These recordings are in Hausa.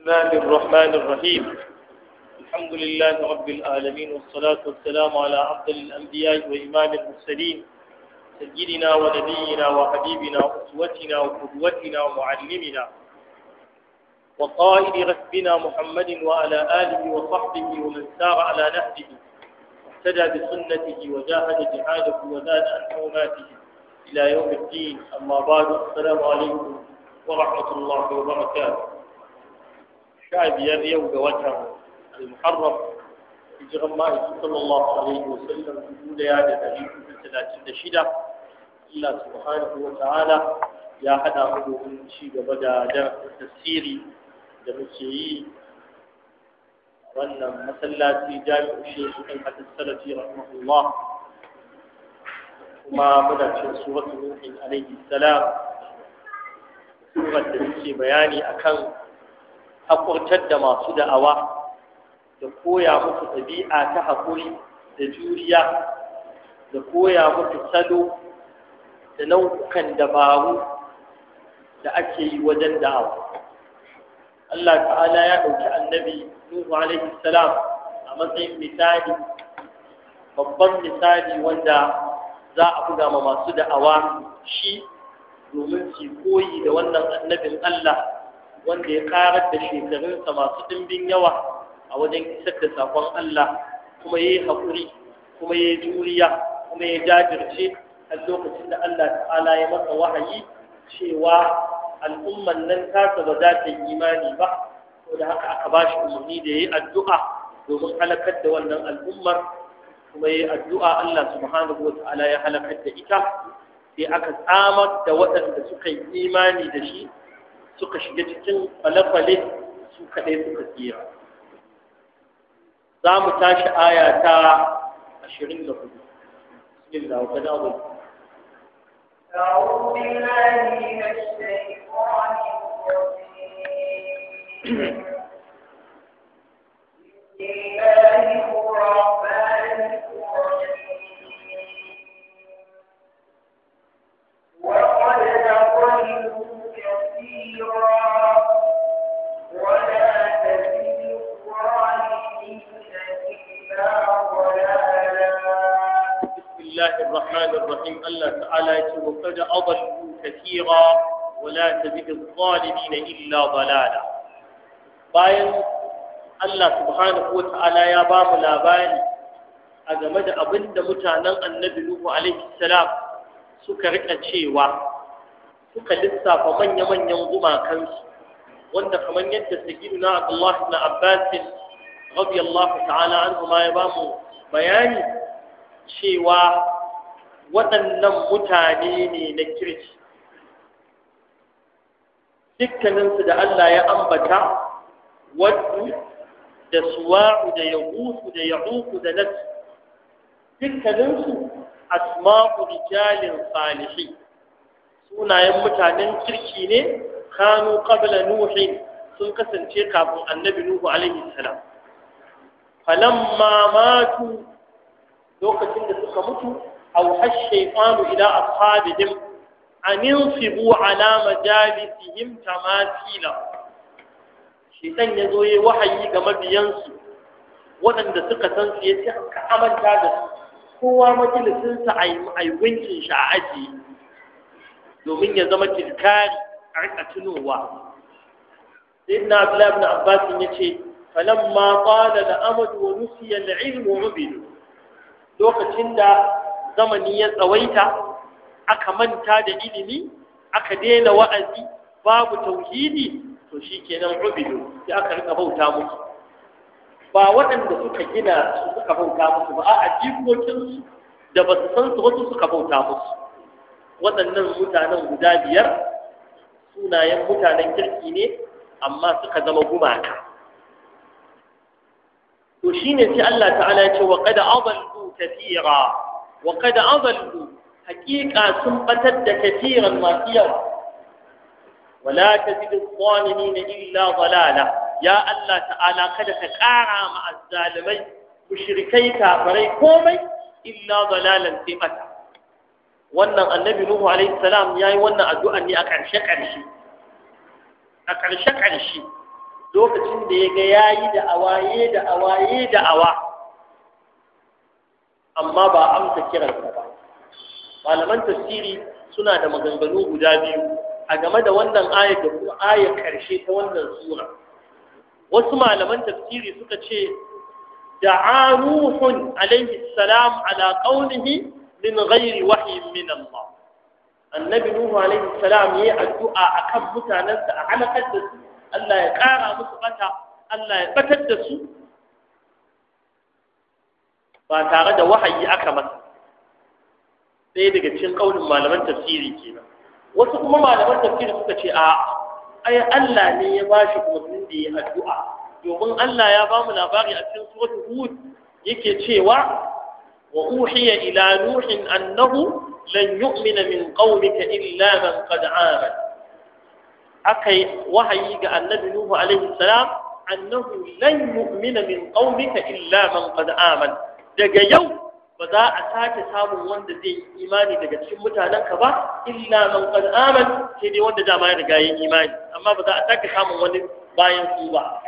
الله الرحمن الرحيم الحمد لله رب العالمين والصلاة والسلام على أفضل الأنبياء وإمام المرسلين سيدنا ونبينا وحبيبنا وأسوتنا وقدوتنا ومعلمنا وقائد ركبنا محمد وعلى آله وصحبه ومن سار على نهجه واهتدى بسنته وجاهد جهاده وزاد عن حرماته إلى يوم الدين أما بعد السلام عليكم ورحمة الله وبركاته sha biyar yau ga watan al-muharram hijiran ma'aiki sallallahu alaihi wa sallam dubu daya da dari hudu talatin da shida Allah subhanahu wa ta'ala ya haɗa mu domin ci gaba da darasin tasiri da muke yi wannan masallaci jami'u shehu ɗan hadis salafi rahimahullah kuma muna cin suratul nuhin alaihi salam surar da muke bayani akan haƙurtar da masu da'awa da koya musu ɗabi'a ta haƙuri da juriya da koya musu salo da nau'ukan dabaru da ake yi wajen da'awa Allah ta'ala ya ɗauki annabi Nuhu alaihi salam a matsayin misali babban misali wanda za a buga ma masu da'awa shi domin su koyi da wannan annabin Allah wanda ya karar da shekarunsa masu ɗimbin yawa a wajen isar da sakon Allah kuma ya yi haƙuri kuma ya yi juriya kuma ya jajirce a lokacin da Allah ta'ala ya masa wahayi cewa al'umman nan ta ba za ta yi imani ba ko da haka aka ba shi umarni da ya yi addu'a domin halakar da wannan al'ummar kuma ya yi addu'a Allah subhanahu wa ta'ala ya halakar da ita sai aka samar da waɗanda suka yi imani da shi suka shiga cikin falafale su kaɗai suka tsira za mu tashi aya ta ashirin da hudu bismillah wa ta'ala أعوذ بالله من الشيطان الرجيم بسم الله الله الرحمن الرحيم الله تعالى وقد أضلوا كثيرا ولا تزد الظالمين إلا ضلالا bayan Allah subhanahu wa ta'ala ya ba mu labari a game da abin da mutanen annabi Nuhu alaihi salam suka rika cewa suka lissafa manya-manyan gumakansu wanda kamar yadda sayyiduna Abdullah na Abbas radiyallahu ta'ala an ma ya ba mu bayani cewa waɗannan mutane ne na kirki dukkaninsu da Allah ya ambata waddu da suwa'u da yahusu da ya'uku da nasu dukkaninsu asma'u rijalin salihi sunayen mutanen kirki ne kanu qabla nuhin sun kasance kafin annabi nuhu alaihi salam falamma matu lokacin da suka mutu a wuhar idan ila a sabidin a nin sibu alama jalisi yin tamatila shaitan ya zo ya wahayi ga mabiyansu waɗanda suka san su ya ce an da kowa majalisin sa a yi shi a ajiye domin ya zama tilkari a rika tunowa sai na abdullahi abbas ya ce falamma qala la amadu wa nusiya al ilmu ubidu lokacin da zamani ya tsawaita aka manta da ilimi aka daina wa'azi babu tauhidi to shi kenan ubidu sai aka rika bauta musu ba waɗanda suka gina su suka bauta musu ba a jikokinsu da ba su san su wasu suka bauta musu waɗannan mutanen guda biyar sunayen mutanen kirki ne amma suka zama gumaka to shine sai Allah ta'ala ya ce wa qad adallu كثيرا وقد أضلوا حقيقة سنبتد كثيرا ما فيها ولا تزد الظالمين إلا ضلالا يا الله تعالى قد تقارع مع الظالمين مشركي كافري كومي إلا ضلالا في متى wannan annabi nuhu alaihi salam yayi wannan addu'an ne a ƙarshe ƙarshe a ƙarshe ƙarshe lokacin da ya ga yayi da awaye da awaye da awa amma ba amsa kiransa ba malaman tafsiri suna da maganganu guda biyu a game da wannan ayar da kuma ayar karshe ta wannan sura wasu malaman tafsiri suka ce da'a aruhun alaihi salam ala qaulihi min ghairi wahyin min Allah annabi nuhu alaihi salam yayi addu'a akan mutanansa a halakar da su Allah ya kara musu bata Allah ya batar da su ba tare da wahayi aka masa sai daga cikin kaulin malaman tafsiri ba. wasu kuma malaman tafsiri suka ce a ai Allah ne ya bashi umarnin da ya addu'a domin Allah ya ba mu labari a cikin suratu hud yake cewa wa uhiya ila nuhin annahu lan yu'mina min qaumika illa man qad amana akai wahayi ga annabi nuhu alaihi salam annahu lan yu'mina min qaumika illa man qad amana daga yau ba za a sake samun wanda zai yi imani daga cikin mutanenka ba illa man qad aman sai dai wanda dama ya riga yin imani amma ba za a sake samun wani bayan su ba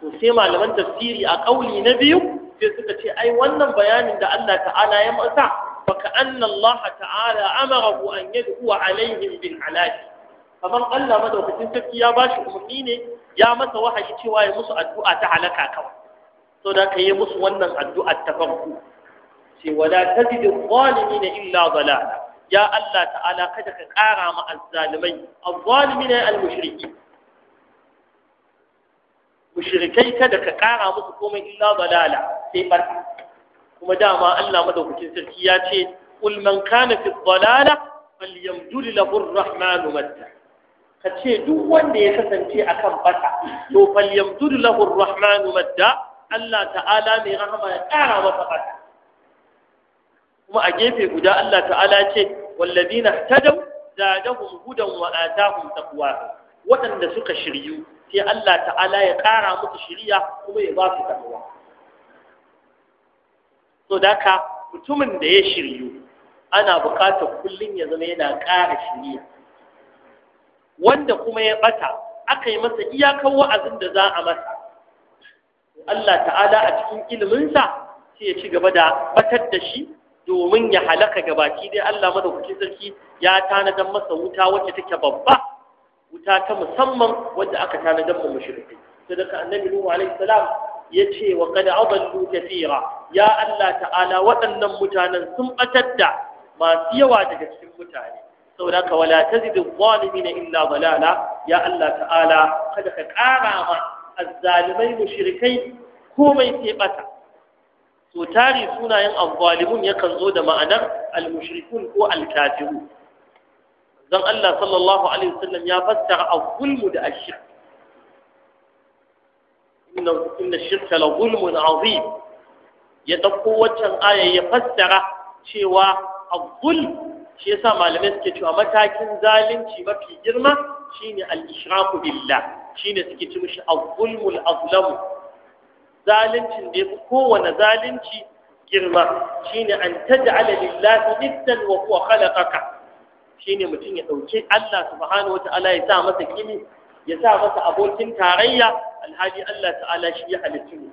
to sai malaman tafsiri a kauli na biyu sai suka ce ai wannan bayanin da Allah ta'ala ya masa baka anna Allah ta'ala amarahu an yad'u alaihim bil halaki kamar Allah madaukakin sarki ya bashi umarni ne ya masa wahayi cewa ya musu addu'a ta halaka kawai so da ka yi musu wannan addu'ar ta farko ce wala tazidu zalimina illa dalala ya Allah ta'ala kada ka ƙara ma azzalimai azzalimina al mushriki mushrikai kada ka ƙara musu komai illa dalala sai barka kuma dama Allah madaukakin sarki ya ce qul man kana fi dalala falyamdud lahu ar-rahmanu matta ka ce duk wanda ya kasance akan bata to falyamdud lahu ar-rahmanu matta Allah ta'ala mai rahama ya ƙara masa ɓata kuma a gefe guda Allah ta'ala ce wallazina tadaw zadahum hudan wa atahum taqwa waɗanda suka shiryu sai Allah ta'ala ya ƙara musu shiriya kuma ya ba su taqwa mutumin da ya shiryu ana buƙatar kullum ya zama yana ƙara shiriya wanda kuma ya ɓata aka yi masa iyakar wa'azin da za a masa Allah ta'ala a cikin iliminsa sai ya ci gaba da batar da shi domin ya halaka gabaki dai Allah madaukakin sarki ya tanadar masa wuta wacce take babba wuta ta musamman wanda aka tanadar mu mushrikai sadaka annabi nuhu alaihi salam ya ce wa qad adallu kathira ya Allah ta'ala waɗannan mutanen sun batar da masu yawa daga cikin mutane saboda ka wala tazidu zalimin illa dalala ya Allah ta'ala kada ka ƙara ma zalumai mushrikai komai sai bata to tari sunayen azzalimun yakan zo da ma'anar almushrikun ko alkafiru dan Allah sallallahu ya fassara az da ash-shirk inna inna ash-shirka ya dauko waccan aya ya fassara cewa az-zulm shi yasa malamai suke cewa matakin zalunci mafi girma shine al-ishraku billah shine suke ci mishi az-zulmul azlam zalincin da yafi kowane zalunci girma shine an taj'ala lillahi niddan wa huwa khalaqaka shine mutum ya dauke Allah subhanahu wataala ya sa masa kimi ya sa masa abokin tarayya alhaji Allah ta'ala shi ya halitta mu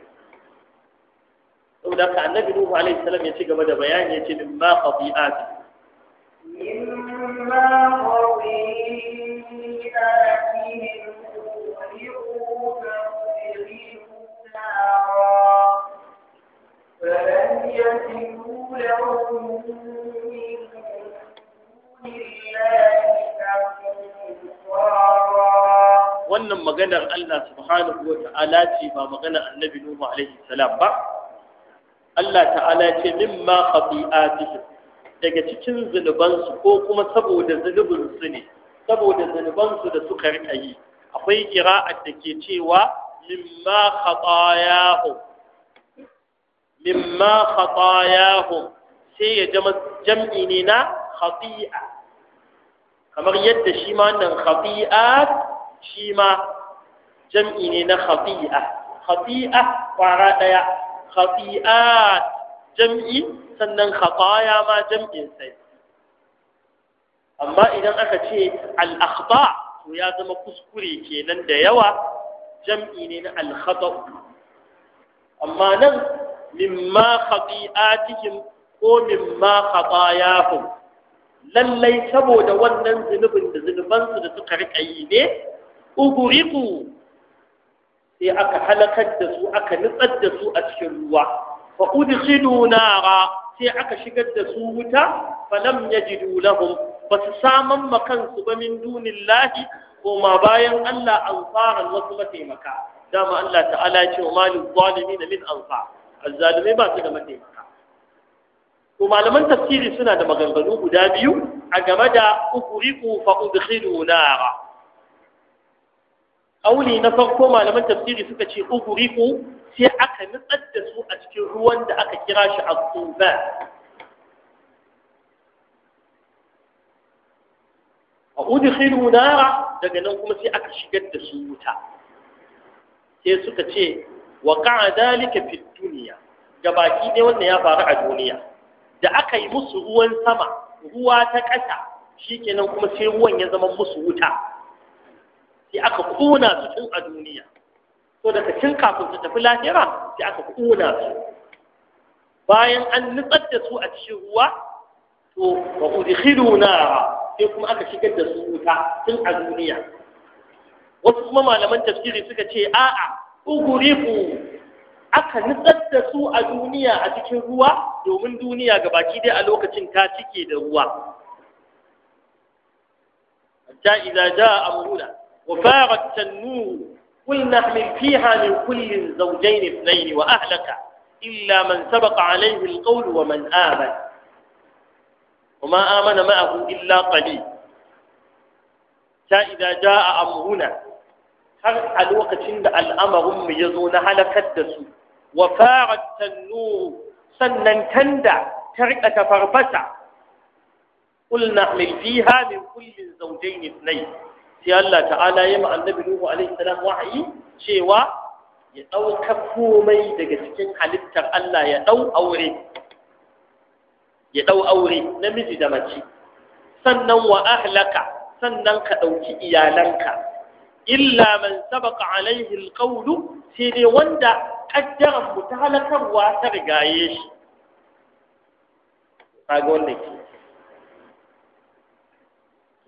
saboda ka annabi Nuhu alaihi salam ya ci gaba da bayani ya ce mimma qadi'at mimma qadi'at wannan maganar Allah subhanahu wa ta'ala ce ba maganar annabi Nuhu alaihi salam ba Allah ta'ala ce mimma khati'atihim daga cikin zunubansu ko kuma saboda su ne saboda zunubansu da suka rika yi akwai kira'ar da ke cewa mimma khatayahu mimma khatayahum sai ya jama jam'i ne na khati'a kamar yadda shi ma nan khati'at shi ma jam'i ne na khati'a khati'a kwara daya khati'at jam'i sannan khataya ma jam'in sai amma idan aka ce al-akhta to ya zama kuskure kenan da yawa jam'i ne na al-khata amma nan mimma khati'atihim ko mimma khatayahum lallai saboda wannan zunubin da zunubansu da suka rika yi ne uguriku sai aka halakar da su aka nutsar da su a cikin ruwa fa udkhilu nara sai aka shigar da su wuta falam yajidu lahum basu saman makansu ba min dunillahi ko bayan Allah ansaran wasu mataimaka dama Allah ta'ala ce wa malil zalimin min ansar azzalumai ba su da mataimaka ko malaman tafsiri suna da maganganu guda biyu a game da ukuriku fa udkhilu nara kauli na farko malaman tafsiri suka ce ukuriku sai aka nutsar da su a cikin ruwan da aka kira shi a suba a udkhilu nara daga nan kuma sai aka shigar da su wuta sai suka ce wa qa'a dhalika fi dunya gabaki dai wannan ya faru a duniya da aka yi musu ruwan sama ruwa ta ƙasa shikenan kuma sai ruwan ya zama musu wuta sai aka kona su tun a duniya to daga cin kafin su tafi lahira sai aka kona su bayan an nutsar da su a cikin ruwa to wa udkhilu nara sai kuma aka shigar da su wuta tun a duniya wasu kuma malaman tafsiri suka ce a'a uguriku aka nutsar da su a duniya a cikin ruwa domin duniya ga baki dai a lokacin ta cike da ruwa hatta idza jaa amruna wa farat tanur qulna hamil fiha min kulli zawjayn ithnayn wa ahlaka illa man sabaqa alayhi alqawl wa man amana وما آمن معه إلا قليل حتى إذا جاء أمرنا har a lokacin da al'amarinmu ya zo na halakar da su wa farat sannan tanda ta riƙa ta farbata قلنا احمل فيها من كل زوجين اثنين sai Allah ta'ala ya annabi Nuhu alaihi salam wahayi cewa ya ɗauka komai daga cikin halittar Allah ya ɗau aure ya ɗau aure namiji da mace sannan wa ahlaka sannan ka ɗauki iyalanka illa man sabaka alaihi alqawlu sai dai wanda kaddaran mu ta halakarwa ta rigaye shi kaga wanda ke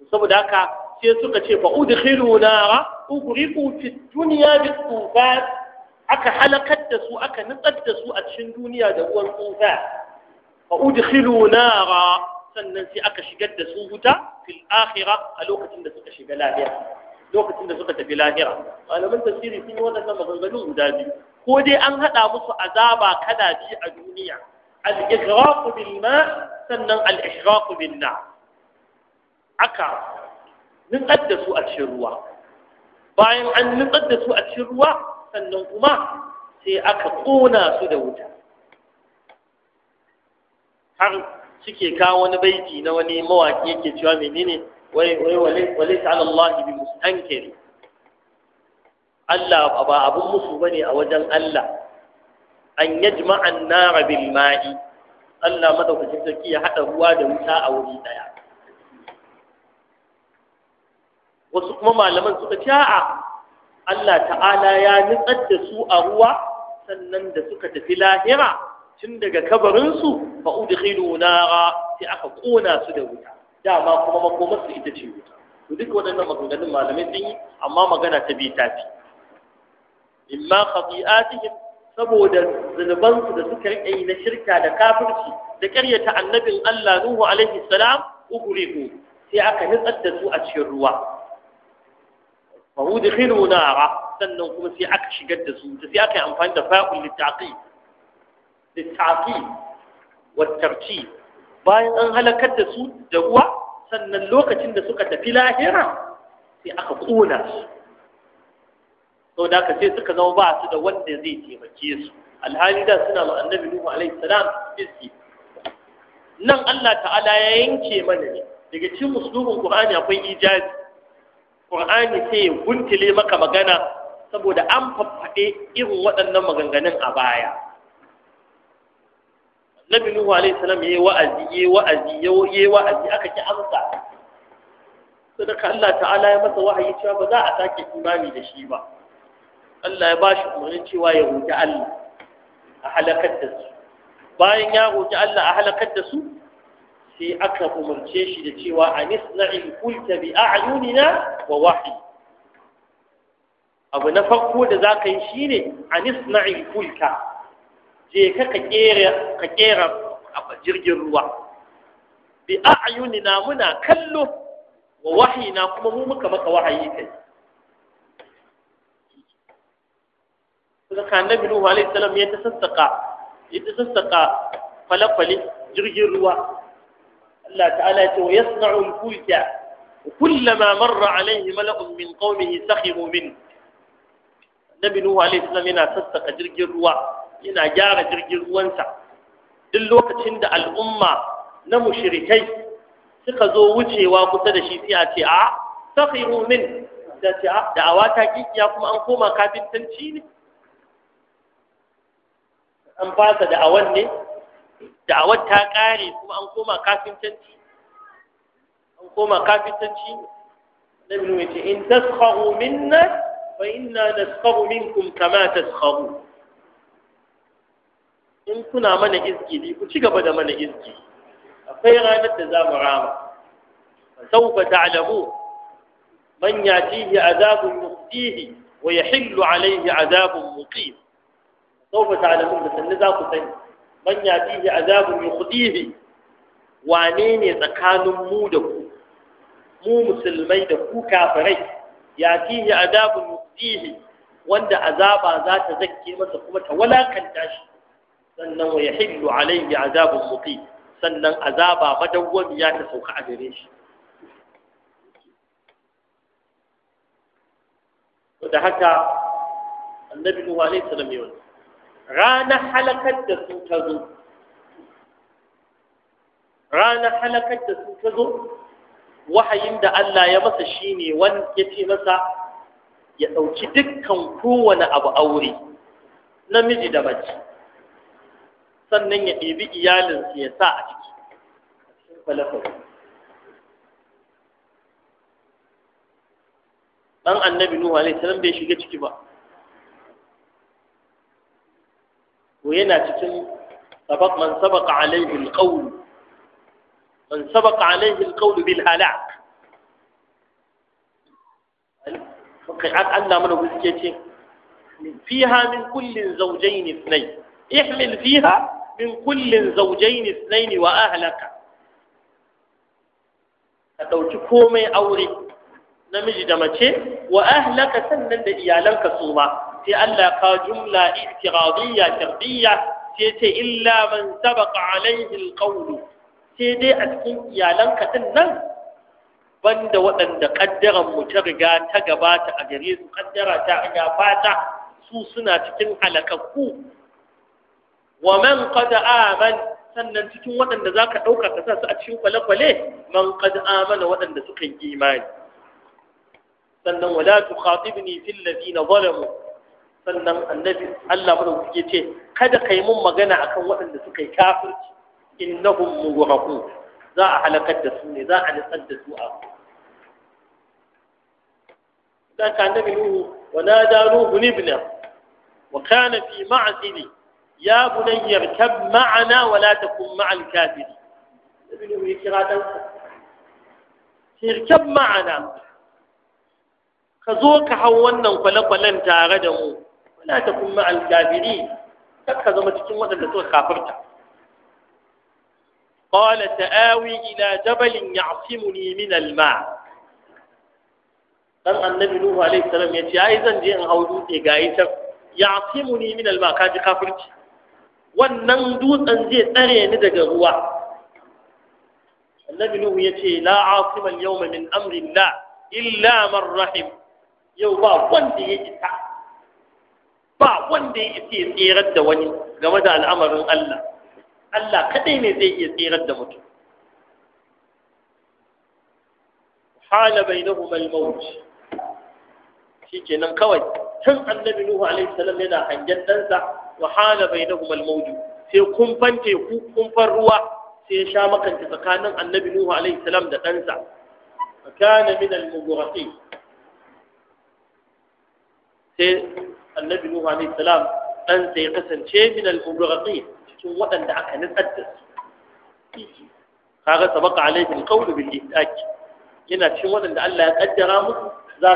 saboda haka sai suka ce fa udkhilu nara ughriqu fi dunya bi tufan aka halakar da su aka nutsar da su a cikin duniya da ruwan tsufa fa udkhilu nara sannan sai aka shigar da su wuta fil akhirah a lokacin da suka shiga lafiya lokacin da suka tafi lahira malaman tafsiri sun yi waɗannan maganganu guda biyu ko dai an haɗa musu azaba kala biyu a duniya al-igraq bil ma sannan al-ishraq bil na aka nutsar da su a cikin ruwa bayan an nutsar da su a cikin ruwa sannan kuma sai aka ƙona su da wuta har suke kawo wani baiti na wani mawaki yake cewa menene وليس على الله بمستنكر Allah ba abun musu bane a wajen Allah an yajma an nara ma'i Allah madaukakin sarki ya haɗa ruwa da wuta a wuri ɗaya. wasu kuma malaman suka ce Allah ta'ala ya nutsar da su a ruwa sannan da suka tafi lahira tun daga kabarinsu fa udkhilu nara sai aka ƙona su da wuta dama kuma makomarsu ita ce wuta to duk waɗannan maganganun malamai sun yi amma magana ta bi ta fi imma khati'atihim saboda zunubansu da suka rike yi na shirka da kafirci da ƙaryata annabin Allah Nuhu alaihi salam uguriku sai aka nutsar da su a cikin ruwa fa udkhilu nara sannan kuma sai aka shigar da su sai aka yi amfani da fa'ul litaqi litaqi wa tartib bayan an halakar da su da ruwa sannan lokacin da suka tafi lahira sai aka kona su sau da aka ce suka zama ba su da wanda zai taimake su alhali da suna ma annabi nuhu alaihi salam fiski nan Allah ta'ala ya yanke mana ne daga cikin musulmin qur'ani akwai ijazi qur'ani sai ya guntule maka magana saboda an faffaɗe irin waɗannan maganganun a baya nabi nuhu alaihi salam yayi wa'azi yayi wa'azi yayi wa'azi aka ki amsa sadaka Allah ta'ala ya masa wahayi cewa ba za a sake imani da shi ba Allah ya bashi umarnin cewa ya roki Allah a halakar da su bayan ya roki Allah a halakar da su sai aka umarce shi da cewa anisna'il kulta bi a'yunina wa wahyi abu na farko da za ka yi shine anisna'il kulka je ka ka kera jirgin ruwa bi a'yunina muna kallo wa wahina kuma mu muka maka wahayi kai saka annabi nuhu alaihi salam ya tasassaka ya tasassaka falafali jirgin ruwa Allah ta'ala ya ce wa yasna'u al-fulka kullama marra alaihi mala'un min qaumihi sakhimu min annabi nuhu alaihi salam yana sassaka jirgin ruwa yana gyara jirgin ruwansa duk lokacin da al'umma na mushrikai suka zo wucewa kusa da shi sai a ce a ah, sakhiru min da ce a ah, da'awa ta kikiya kuma an koma kafintanci ne an fasa da'awan ne da'awar ta kare kuma an koma kafintanci an koma kafintanci ne nabi ne ce in taskharu minna fa inna naskharu minkum kama taskharu in kuna mana izgili ku ci gaba da mana izgi akwai ranar da za mu rama ta ta'lamu man yatihi azabun muqtihi wa yahillu alayhi azabun muqim ta ta'lamu da sanne za ku sani man yatihi azabun yuqtihi wane ne tsakanin mu da ku mu musulmai da ku kafirai yatihi azabun muqtihi wanda azaba za ta zakke masa kuma ta walakanta shi sannan wa yahillu alayhi azabun muqim sannan azaba madawwamiya ta sauka a gare shi da haka annabi nuhu alaihi salam yawan rana halakar da su ta zo rana halakar da su ta zo wahayin da Allah ya masa shi ne wani ya ce masa ya ɗauki dukkan kowane abu aure namiji da mace sannan ya ɗebi iyalinsu ya sa a ciki ɗan annabi nuhu alaihi salam bai shiga ciki ba ko yana cikin sabaq man sabaqa alaihi alqawl man sabaqa alaihi alqawl bil halak kai Allah mana guske ce fiha min kullin zawjayn ithnay ihmil fiha min kullin zaujaini ithnaini wa ahlaka ka ɗauki komai aure namiji da mace wa ahlaka sannan da iyalanka su sai Allah ka jumla itiradiyya tarbiyya sai ce illa man sabaqa alaihi alqawl sai dai a cikin iyalanka din nan banda waɗanda kaddaran mu ta riga ta gabata a gare su kaddara ta riga fata su suna cikin halakakku wa man qad aman sannan cikin waɗanda zaka dauka ka sa su a cikin kwale-kwale man qad amana waɗanda suka yi imani sannan wala tukhatibni fil ladina zalamu sannan annabi Allah madaukaki ce kada kai mun magana akan waɗanda suka yi kafirci innahum mughraqun za a halakar da su ne za a nutsar da su a ذاك النبي نوح ونادى نوح wa وكان في معزل ya bunayya yarkab ma'ana wala ta takun ma'al kafiri ibnu ya kira dan irkab ma'ana ka zo ka hau wannan kwale-kwalen tare da mu wala takun ma'al kafiri kar ka zama cikin waɗanda suka kafirta ila jabalin ya fi يعصمني من alma. dan annabi nuhu alaihi salam ce ai zan je in hau dutse ga ita ya'simuni min alma ka kaji kafirci wannan dutsen zai tsare ni daga ruwa annabi nuhu yace la asima al-yawma min amri Allah illa man rahim yau ba wanda ya isa ba wanda ya isa ya tsirar da wani game da al'amarin Allah Allah kadai ne zai iya tsirar da mutum hala bainahuma al-maut shikenan kawai tun annabi nuhu alaihi salam yana hangen ɗansa وحال بينهما الموج سي كومفانتي كو فان روا سي شا مكانتي تسكانن النبي نوح عليه السلام ده دانسا فكان من المغرقين سي النبي نوح عليه السلام دان سي قسن شي من المغرقين شو ودان ده اكا نتقدس kaga sabaka alaihi alqawl bil ihtaj yana cikin wadanda Allah ya kaddara musu za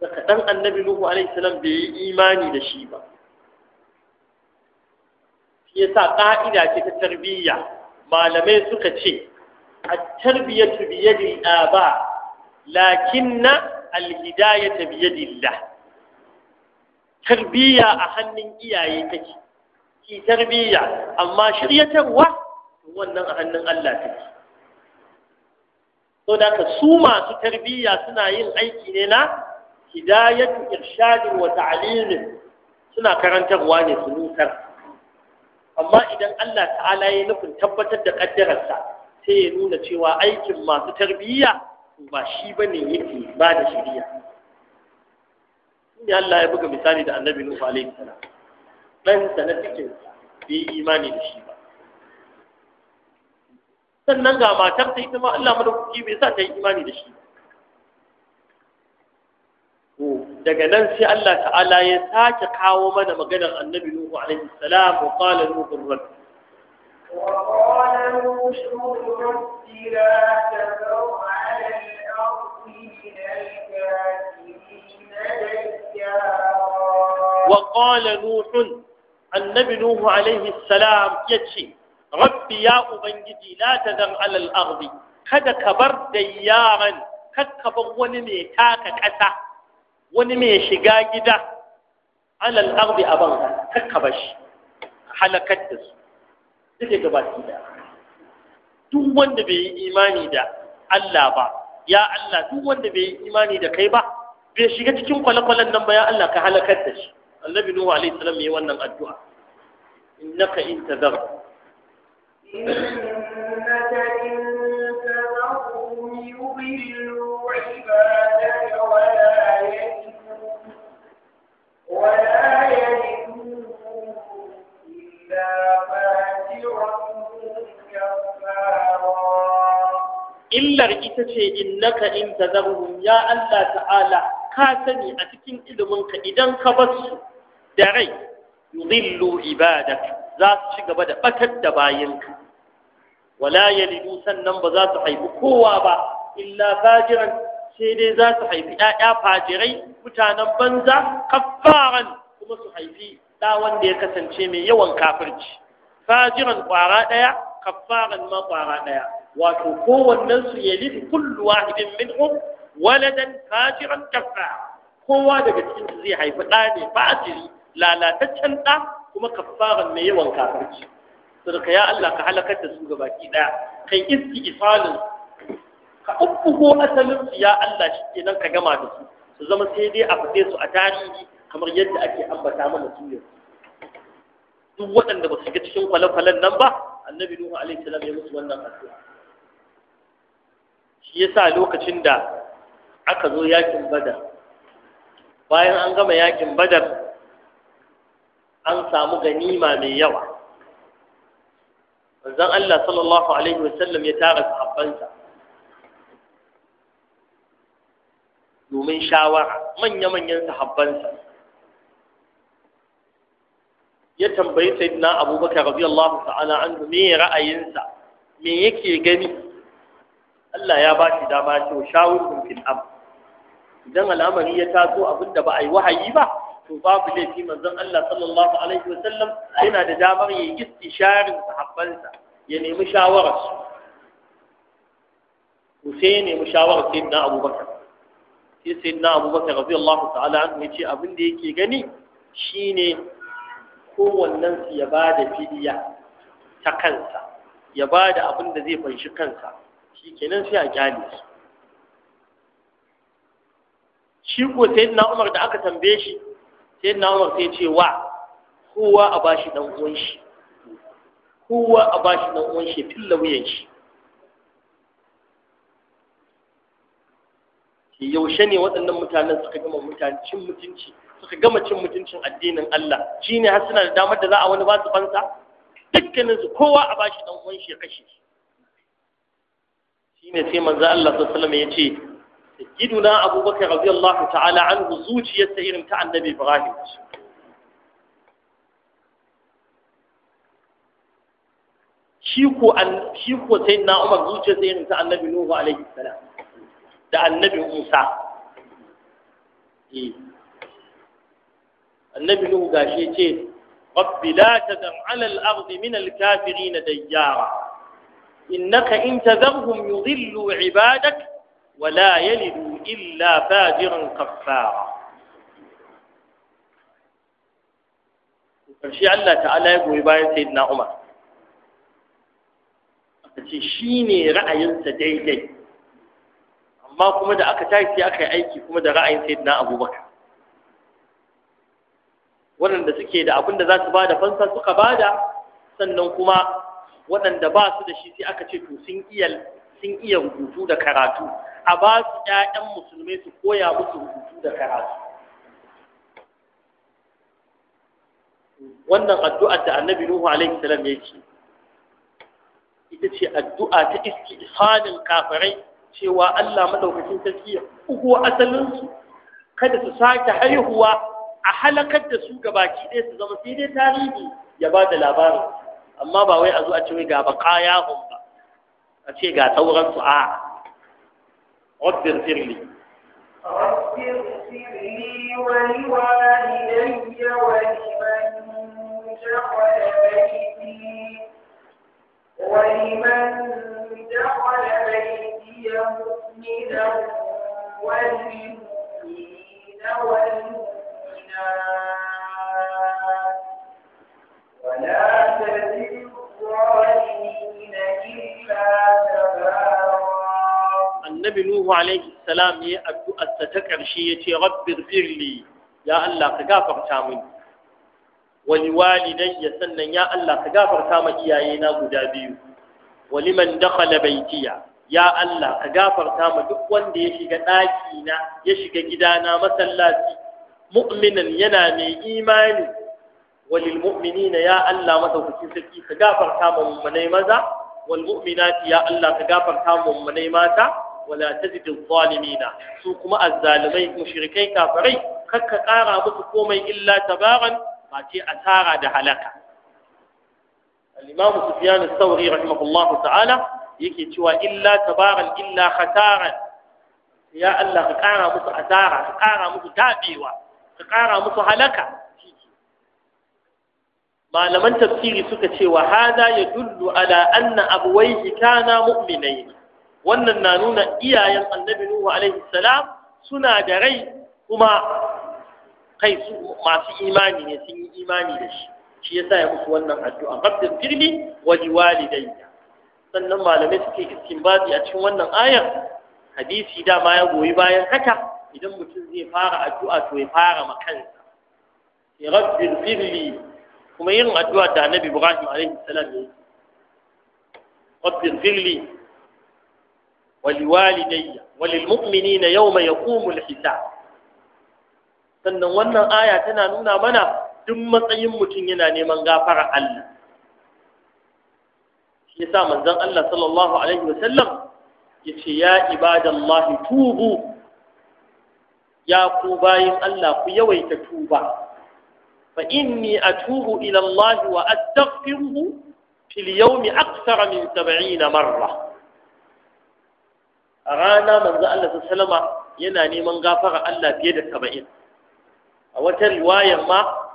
daga dan annabi nuhu alaihi salam bai yi imani da shi ba shi yasa ka'ida ce ta tarbiyya malamai suka ce at-tarbiyatu bi yadi aba lakinna al-hidayatu bi yadi Allah tarbiyya a hannun iyaye take ki tarbiyya amma shiryatarwa wannan a hannun Allah take so da ka su masu tarbiyya suna yin aiki ne na hidayatu irshadin wa ta'limin suna karantarwa ne su nutar amma idan Allah ta'ala ya nufin tabbatar da kaddararsa sai ya nuna cewa aikin masu tarbiyya ba shi bane yake ba da shari'a inda Allah ya buga misali da Annabi Nuhu alaihi salam dan sa na cikin bai imani da shi ba sannan ga matar ta ita ma Allah madaukaki bai sa ta yi imani da shi ba daga nan sai Allah ta'ala ya sake kawo mana maganar annabi Nuhu alaihi salam wa qala Nuhu rabbi وقال نوح رب لا تذر على الأرض من الكافرين ديارا وقال النبي نوح عليه السلام يتشي ربي يا أبنجدي لا تذر على الأرض kada ka bar dayyaran kakka bar wani mai taka ƙasa wani mai shiga gida alal arzi a ban kakkaba shi halakar da su duka gabaki da duk wanda bai yi imani da Allah ba ya Allah duk wanda bai yi imani da kai ba bai shiga cikin kwale-kwalen nan ba ya Allah ka halakar da shi annabi nuhu alaihi salam yi wannan addu'a innaka in tazar illar ita ce naka in tazarhum ya Allah ta'ala ka sani a cikin iliminka idan ka basu da rai yudillu ibadak za su ci gaba da ɓatar da bayanka wala yalidu sannan ba za su haifi kowa ba illa fajiran sai dai za su haifi ‘ya'ya fajirai mutanen banza kafaran kuma su haifi ɗa wanda ya kasance mai yawan kafirci fajiran ƙwara ɗaya kafaran ma ƙwara ɗaya wato kowannen su ya lifi kullu wahidin minhum waladan fajiran kafara kowa daga cikin su zai haifi ɗa ne fajiri lalataccen ɗa kuma kafaran mai yawan kafirci sadaka ya Allah ka halakar da su gabaki ɗaya kai iski isalin ka ubbugo asalin su ya Allah shi ke nan ka gama da su su zama sai dai a fite su a tarihi kamar yadda ake ambata mana su yau duk waɗanda ba su ga cikin kwale-kwalen nan ba annabi nuhu alaihi salam ya mutu wannan addu'a shi yasa lokacin da aka zo yakin badar bayan an gama yakin badar an samu ganima mai yawa manzon Allah sallallahu alaihi wasallam ya tara sahabbansa domin shawara manya-manyan sahabbansa ya tambayi sayidina abubakar Allah radiyallahu ta'ala anhu me ra'ayinsa me yake gani Allah ya ba shi dama ya ce shawurun fil am idan al'amari ya taso abinda ba a yi wahayi ba to babu laifi manzon Allah sallallahu alaihi wa sallam yana da damar yayi istisharin sahabbansa ya nemi shawararsu to sai ya nemi shawarar sayidina abubakar sai sayyidina abubakar radiyallahu ta'ala an yace abin da yake gani shine kowannen su ya bada fidiya ta kansa ya bada abin da zai fanshi kansa shikenan sai a kyale su shi ko na umar da aka tambaye shi na umar sai ce wa kowa a bashi dan uwan shi kowa a bashi dan uwan shi fillawiyan shi yaushe ne waɗannan mutanen suka gama cin mutunci suka gama cin mutuncin addinin Allah Shi ne har suna da damar da za a wani ba su fansa dukkanin su kowa a bashi dan uwan shi kashi ne sai manzo Allah sallallahu alaihi wasallam yace sayyiduna Abubakar radiyallahu ta'ala anhu zuciyarsa irin ta Annabi Ibrahim shi ko an shi ko sayyidina Umar zuciyarsa irin ta Annabi Nuhu alaihi salam دا النبي موسى النبي نو غاشي تي رب لا تدم على الارض من الكافرين ديارا انك ان تذرهم يضلوا عبادك ولا يلدوا الا فاجرا كفارا shi Allah تعالى ya goyi سيدنا عمر Umar. Aka ce shi ne amma kuma da aka tashi aka yi aiki kuma da ra'ayin sai na abubakar waɗanda suke da abinda da za su ba da fansa suka ba da sannan kuma waɗanda ba su da shi sai aka ce to sun iya sun iya rubutu da karatu a ba su ƴaƴan musulmai su koya musu rubutu da karatu wannan addu'ar da annabi nuhu alaihi salam yake ita ce addu'a ta iski ihanin kafirai cewa Allah madaukakin sarki uku asalin asalinsu kada su sake haihuwa a halakar da su gabaki ɗaya su zama sai dai tarihi ya ba da labarin amma ba wai a zo a ce ga bakaya hun ba a ce ga sauransu su a rabbir firli wa دخل بيتي مؤمنا والمؤمنين والمؤمنات ولا تزل الظالمين إلا Annabi Nuhu alaihi salam ya addu'a ta ta ƙarshe ya ce rabbir firli ya Allah gafarta mun wani walidayya sannan ya Allah ka gafarta ma iyayena guda biyu waliman dakhala baitiya ya Allah ka gafarta ma duk wanda ya shiga ɗaki na ya shiga gidana masallaci mu'minan yana mai imani walil mu'minina ya Allah madaukakin saki, ka gafarta ma mummunai maza wal mu'minati ya Allah ka gafarta ma mummunai mata wala tazidu zalimina su kuma azzalimai mushrikai kafirai kakka kara musu komai illa tabaran ba ce asara da halaka al-imam sauri al ta'ala yake cewa illa tabaran illa khataran ya Allah ka kara musu asara ka kara musu tabewa ka kara musu halaka malaman tafsiri suka ce wa hada ya dullu ala anna abuwaihi mu'minai wannan na nuna iyayen annabi nuhu alaihi salam suna da rai kuma kai su masu imani ne sun yi imani da shi shi ya sa ya musu wannan addu'a rabbil firmi wa liwalidayya sannan malamai suke istinbati a cikin wannan ayar hadisi dama ya goyi bayan haka idan mutum zai fara addu'a to ya fara ma kansa ya rabbil firmi kuma yin addu'a da annabi Ibrahim alaihi salam ya yi rabbil firli wa liwalidayya wa yau mu'minina ya yaqumul hisab sannan wannan aya tana nuna mana duk matsayin mutum yana neman gafara Allah shi yasa manzon Allah sallallahu alaihi wasallam yace ya ibadallahi tubu ya ku bayin Allah ku yawaita tuba fa inni atubu ila Allah wa astaghfiruhu fil yawmi akthara min 70 marra a rana manzo Allah sallama yana neman gafara Allah fiye da saba'in. a wata riwayar ma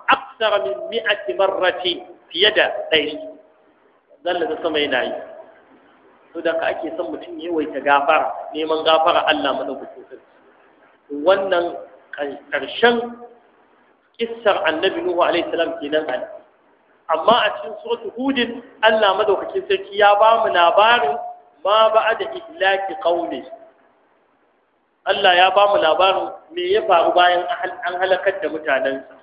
أكثر من مئة مرة في يد ɗari zalla da sama yana yi to ka ake son mutum ya yawaita gafara neman gafara Allah madaukakin sarki wannan karshen kissar annabi nuhu alaihi salam kenan a amma a cikin suratu hudin Allah madaukakin sarki ya ba mu labarin ma da ihlaki qaumi Allah ya ba mu labarin me ya faru bayan an halakar da mutanensa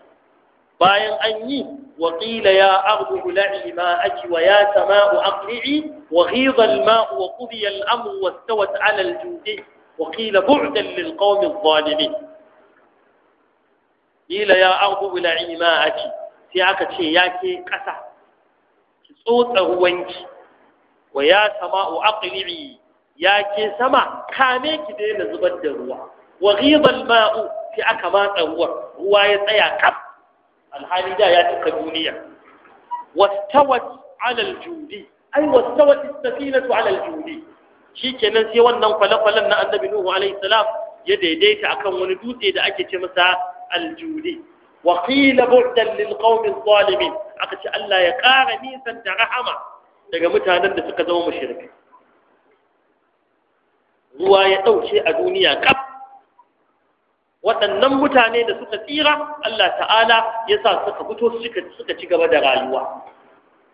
bayan an yi waƙila ya abu gula'i ki sama kame ki daina zubar da ruwa wa hizal ma'u ruwa ya tsaya alhali da ya cika duniya wastawat Alal aljudi ai wastawat as-safinatu ala aljudi shikenan sai wannan kwale-kwalen na annabi nuhu alaihi salam ya daidaita akan wani dutse da ake ce masa aljudi wa qila bu'dan lil aka ce Allah ya ƙara nisan da rahama daga mutanen da suka zama mushrikai ruwa ya dauke a duniya kaf waɗannan mutane da suka tsira Allah ta'ala ya sa suka fito suka ci gaba da rayuwa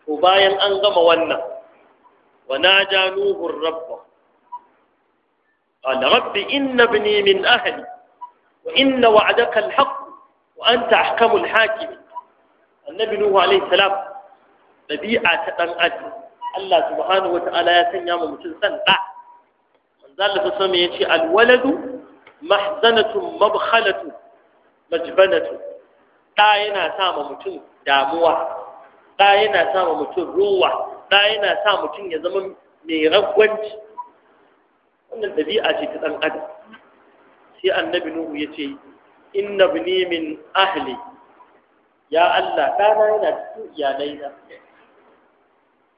to bayan an gama wannan wa na naja nuhu rabba قال رب إن ابني من أهلي وإن وعدك الحق وأنت أحكم الحاكم النبي نوح عليه السلام ɗabi'a ta ɗan adam Allah subhanahu wa ta'ala ya sanya mu mutum san ɗa manzo Allah ya ce alwaladu mahzanatun mabkhalatu majbanatu da yana sa ma mutum damuwa da yana sa ma mutum ruwa da yana sa mutum ya zama mai ragwanci wannan dabi'a ce ta dan adam sai annabi nuhu yace inna bni min ahli ya Allah ɗana yana cikin iyalaina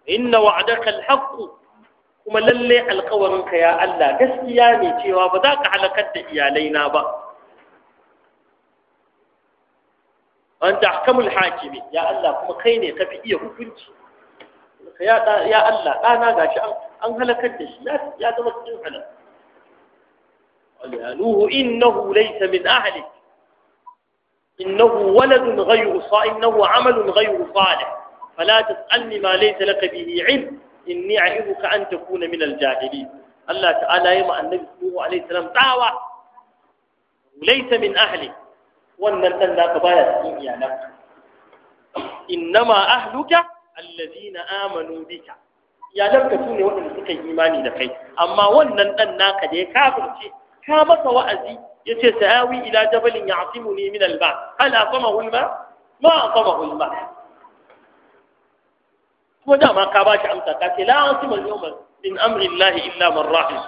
inna wa'adaka alhaqu kuma lalle alkawarinka ya Allah gaskiya ne cewa ba za ka halakar da iyalaina ba an ta hakamul hakimi ya Allah kuma kai ne kafi iya hukunci ya Allah ɗana gashi an halakar da shi ya zama cikin halak nuhu innahu laysa min ahlik innahu waladun ghayru sa innahu amalun ghayru salih fala tas'alni ma laysa laka bihi ilm inni a'iduka an takuna min al-jahili Allah ta'ala ya ma annabi sallallahu alaihi wasallam tsawa laysa min ahli wannan dan naka baya cikin iyalanka innama ahluka allazina amanu bika iyalanka sune waɗanda suka yi imani da kai amma wannan dan naka da ya kafirce ka masa wa'azi yace sa'awi ila jabalin ya'simuni min al-ba ala famahu al-ma ma ulma kuma dama ka ba shi amsa ka ce la asima yawma min amri llahi illa man rahim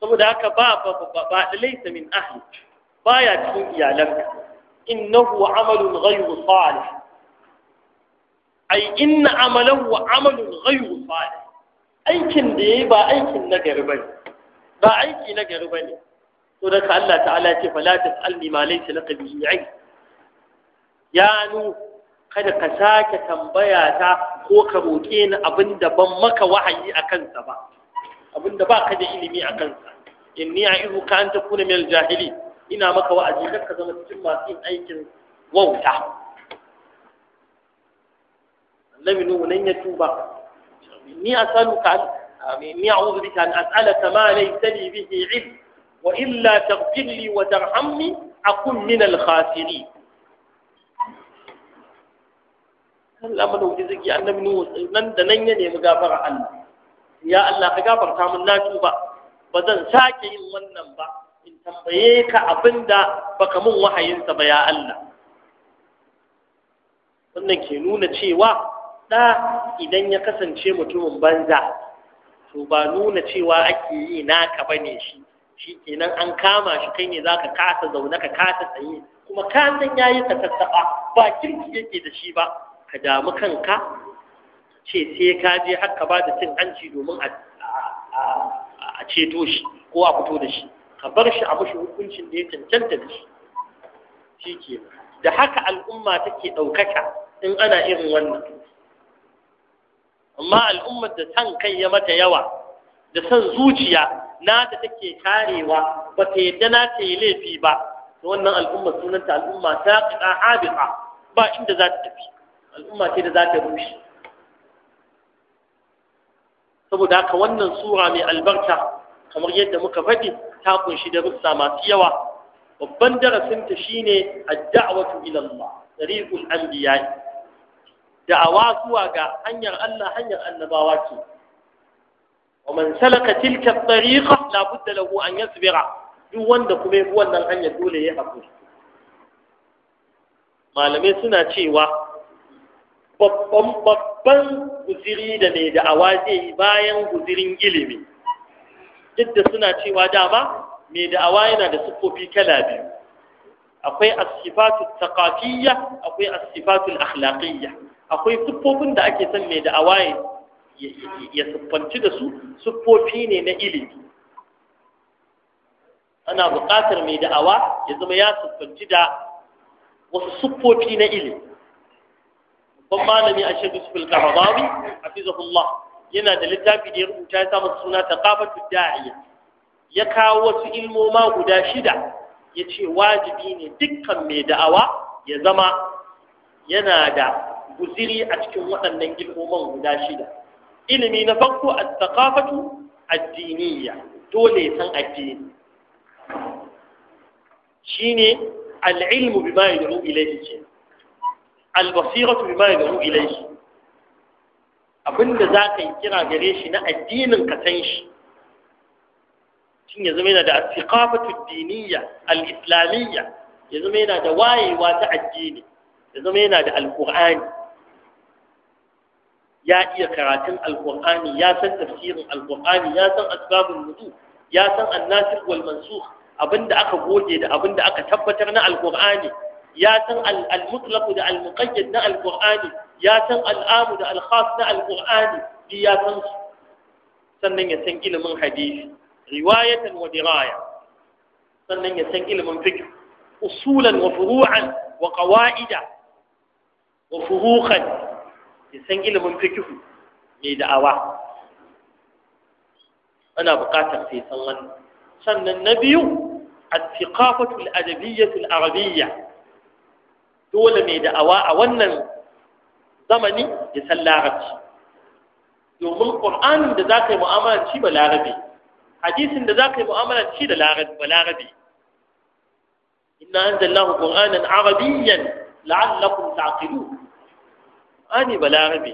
saboda haka ba ba ba ba laysa min ahli cikin iyalanka innahu amalun ghayru salih ai inna amalahu amalun ghayru salih aikin da yayi ba aikin ba aiki nagari bane to da ka Allah ta'ala ce fala tasalni ma laysa laka ya nu kada ka sake tambaya ta ko ka roƙe ni abin da ban maka wahayi a kansa ba abin da ba ka da ilimi a kansa inni a ihu ka an ta kuna mil jahili ina maka wa'azi kar ka zama cikin masu yin aikin wauta annabi nuhu nan ya tuba ni asaluka ni a'udhu bika an as'alaka ma laysa li bihi ilm wa illa taghfir li wa tarhamni akun min al-khasirin Allah zai zaki annabi nuhu nan da nan ya nemi gafara Allah ya Allah ka gafarta min na tuba ba zan sake yin wannan ba in tambaye ka abinda baka mun wahayinsa ba ya Allah wannan ke nuna cewa da idan ya kasance mutumin banza to ba nuna cewa ake yi naka bane shi shi an kama shi kai ne zaka kasa zaune ka kasa tsaye kuma ka san yayi ta tattaba ba kirki yake da shi ba ka damu kanka ce sai ka je haka ba da cin hanci domin a ceto shi ko a fito da shi ka bar shi a mashi hukuncin da ya cancanta da shi shi ke da haka al'umma take ɗaukaka in ana irin wannan amma al'ummar da san kai ya mata yawa da san zuciya na da take karewa ba ta yadda na ta yi laifi ba wannan al'ummar sunanta al'umma ta ƙiɗa habita ba inda za ta tafi al'umma ce da za ta rushe saboda haka wannan sura mai albarka kamar yadda muka faɗi ta kunshi da russa masu yawa babban darasinta shine ad-da'watu ila Allah tariqul anbiya da'awa zuwa ga hanyar Allah hanyar annabawa ce ومن salaka تلك الطريقة لا بد lahu an yasbira, duk wanda kuma yi wannan hanyar dole ya haƙuri malamai suna cewa babban babban guziri da mai da'awa zai yi bayan guzirin ilimi duk da suna cewa dama mai da'awa yana da siffofi kala biyu akwai asifatu taqafiyya akwai asifatu akhlaqiyya akwai siffofin da ake son mai da'awa ya siffanci da su siffofi ne na ilimi ana buƙatar mai da'awa ya zama ya siffanci da wasu siffofi na ilimi babban malami a shaidu sufil kahadawi hafizahullah yana da littafi da ya rubuta ya samu suna taqafatu da'iya ya kawo wasu ilmoma guda shida ya ce wajibi ne dukkan mai da'awa ya zama yana da guziri a cikin waɗannan ilmoman guda shida ilimi na farko a taqafatu addiniya dole san addini shine al'ilmu bima yad'u ilayhi al-basiratu bima yad'u ilayhi abinda zaka yi kira gare shi na addinin ka san shi shin ya zama yana da al diniyya al-islamiyya ya zama yana da wayewa ta addini ya zama yana da al ya iya karatun al ya san tafsirin al ya san asbabun nuzul ya san an-nasikh wal mansukh abinda aka goge da abinda aka tabbatar na al يا سن المطلق ده المقيد ده القرآني يا سن العام ده الخاص ده القرآني دي يا سن سنن يسن علم حديث رواية ودراية سنن يسن علم فكر أصولا وفروعا وقواعدا وفروخا يسن علم فكر ميد أوا أنا بقاتل في سنن سنن النبي الثقافة الأدبية العربيه dole mai da'awa a wannan zamani ya san larabci domin ƙur'anin da za ka yi mu'amalar shi ba larabe hadisin da za ka yi mu'amalar da larabe inna anzalnahu qur'anan arabiyyan la'allakum ta'qilun ani ba larabe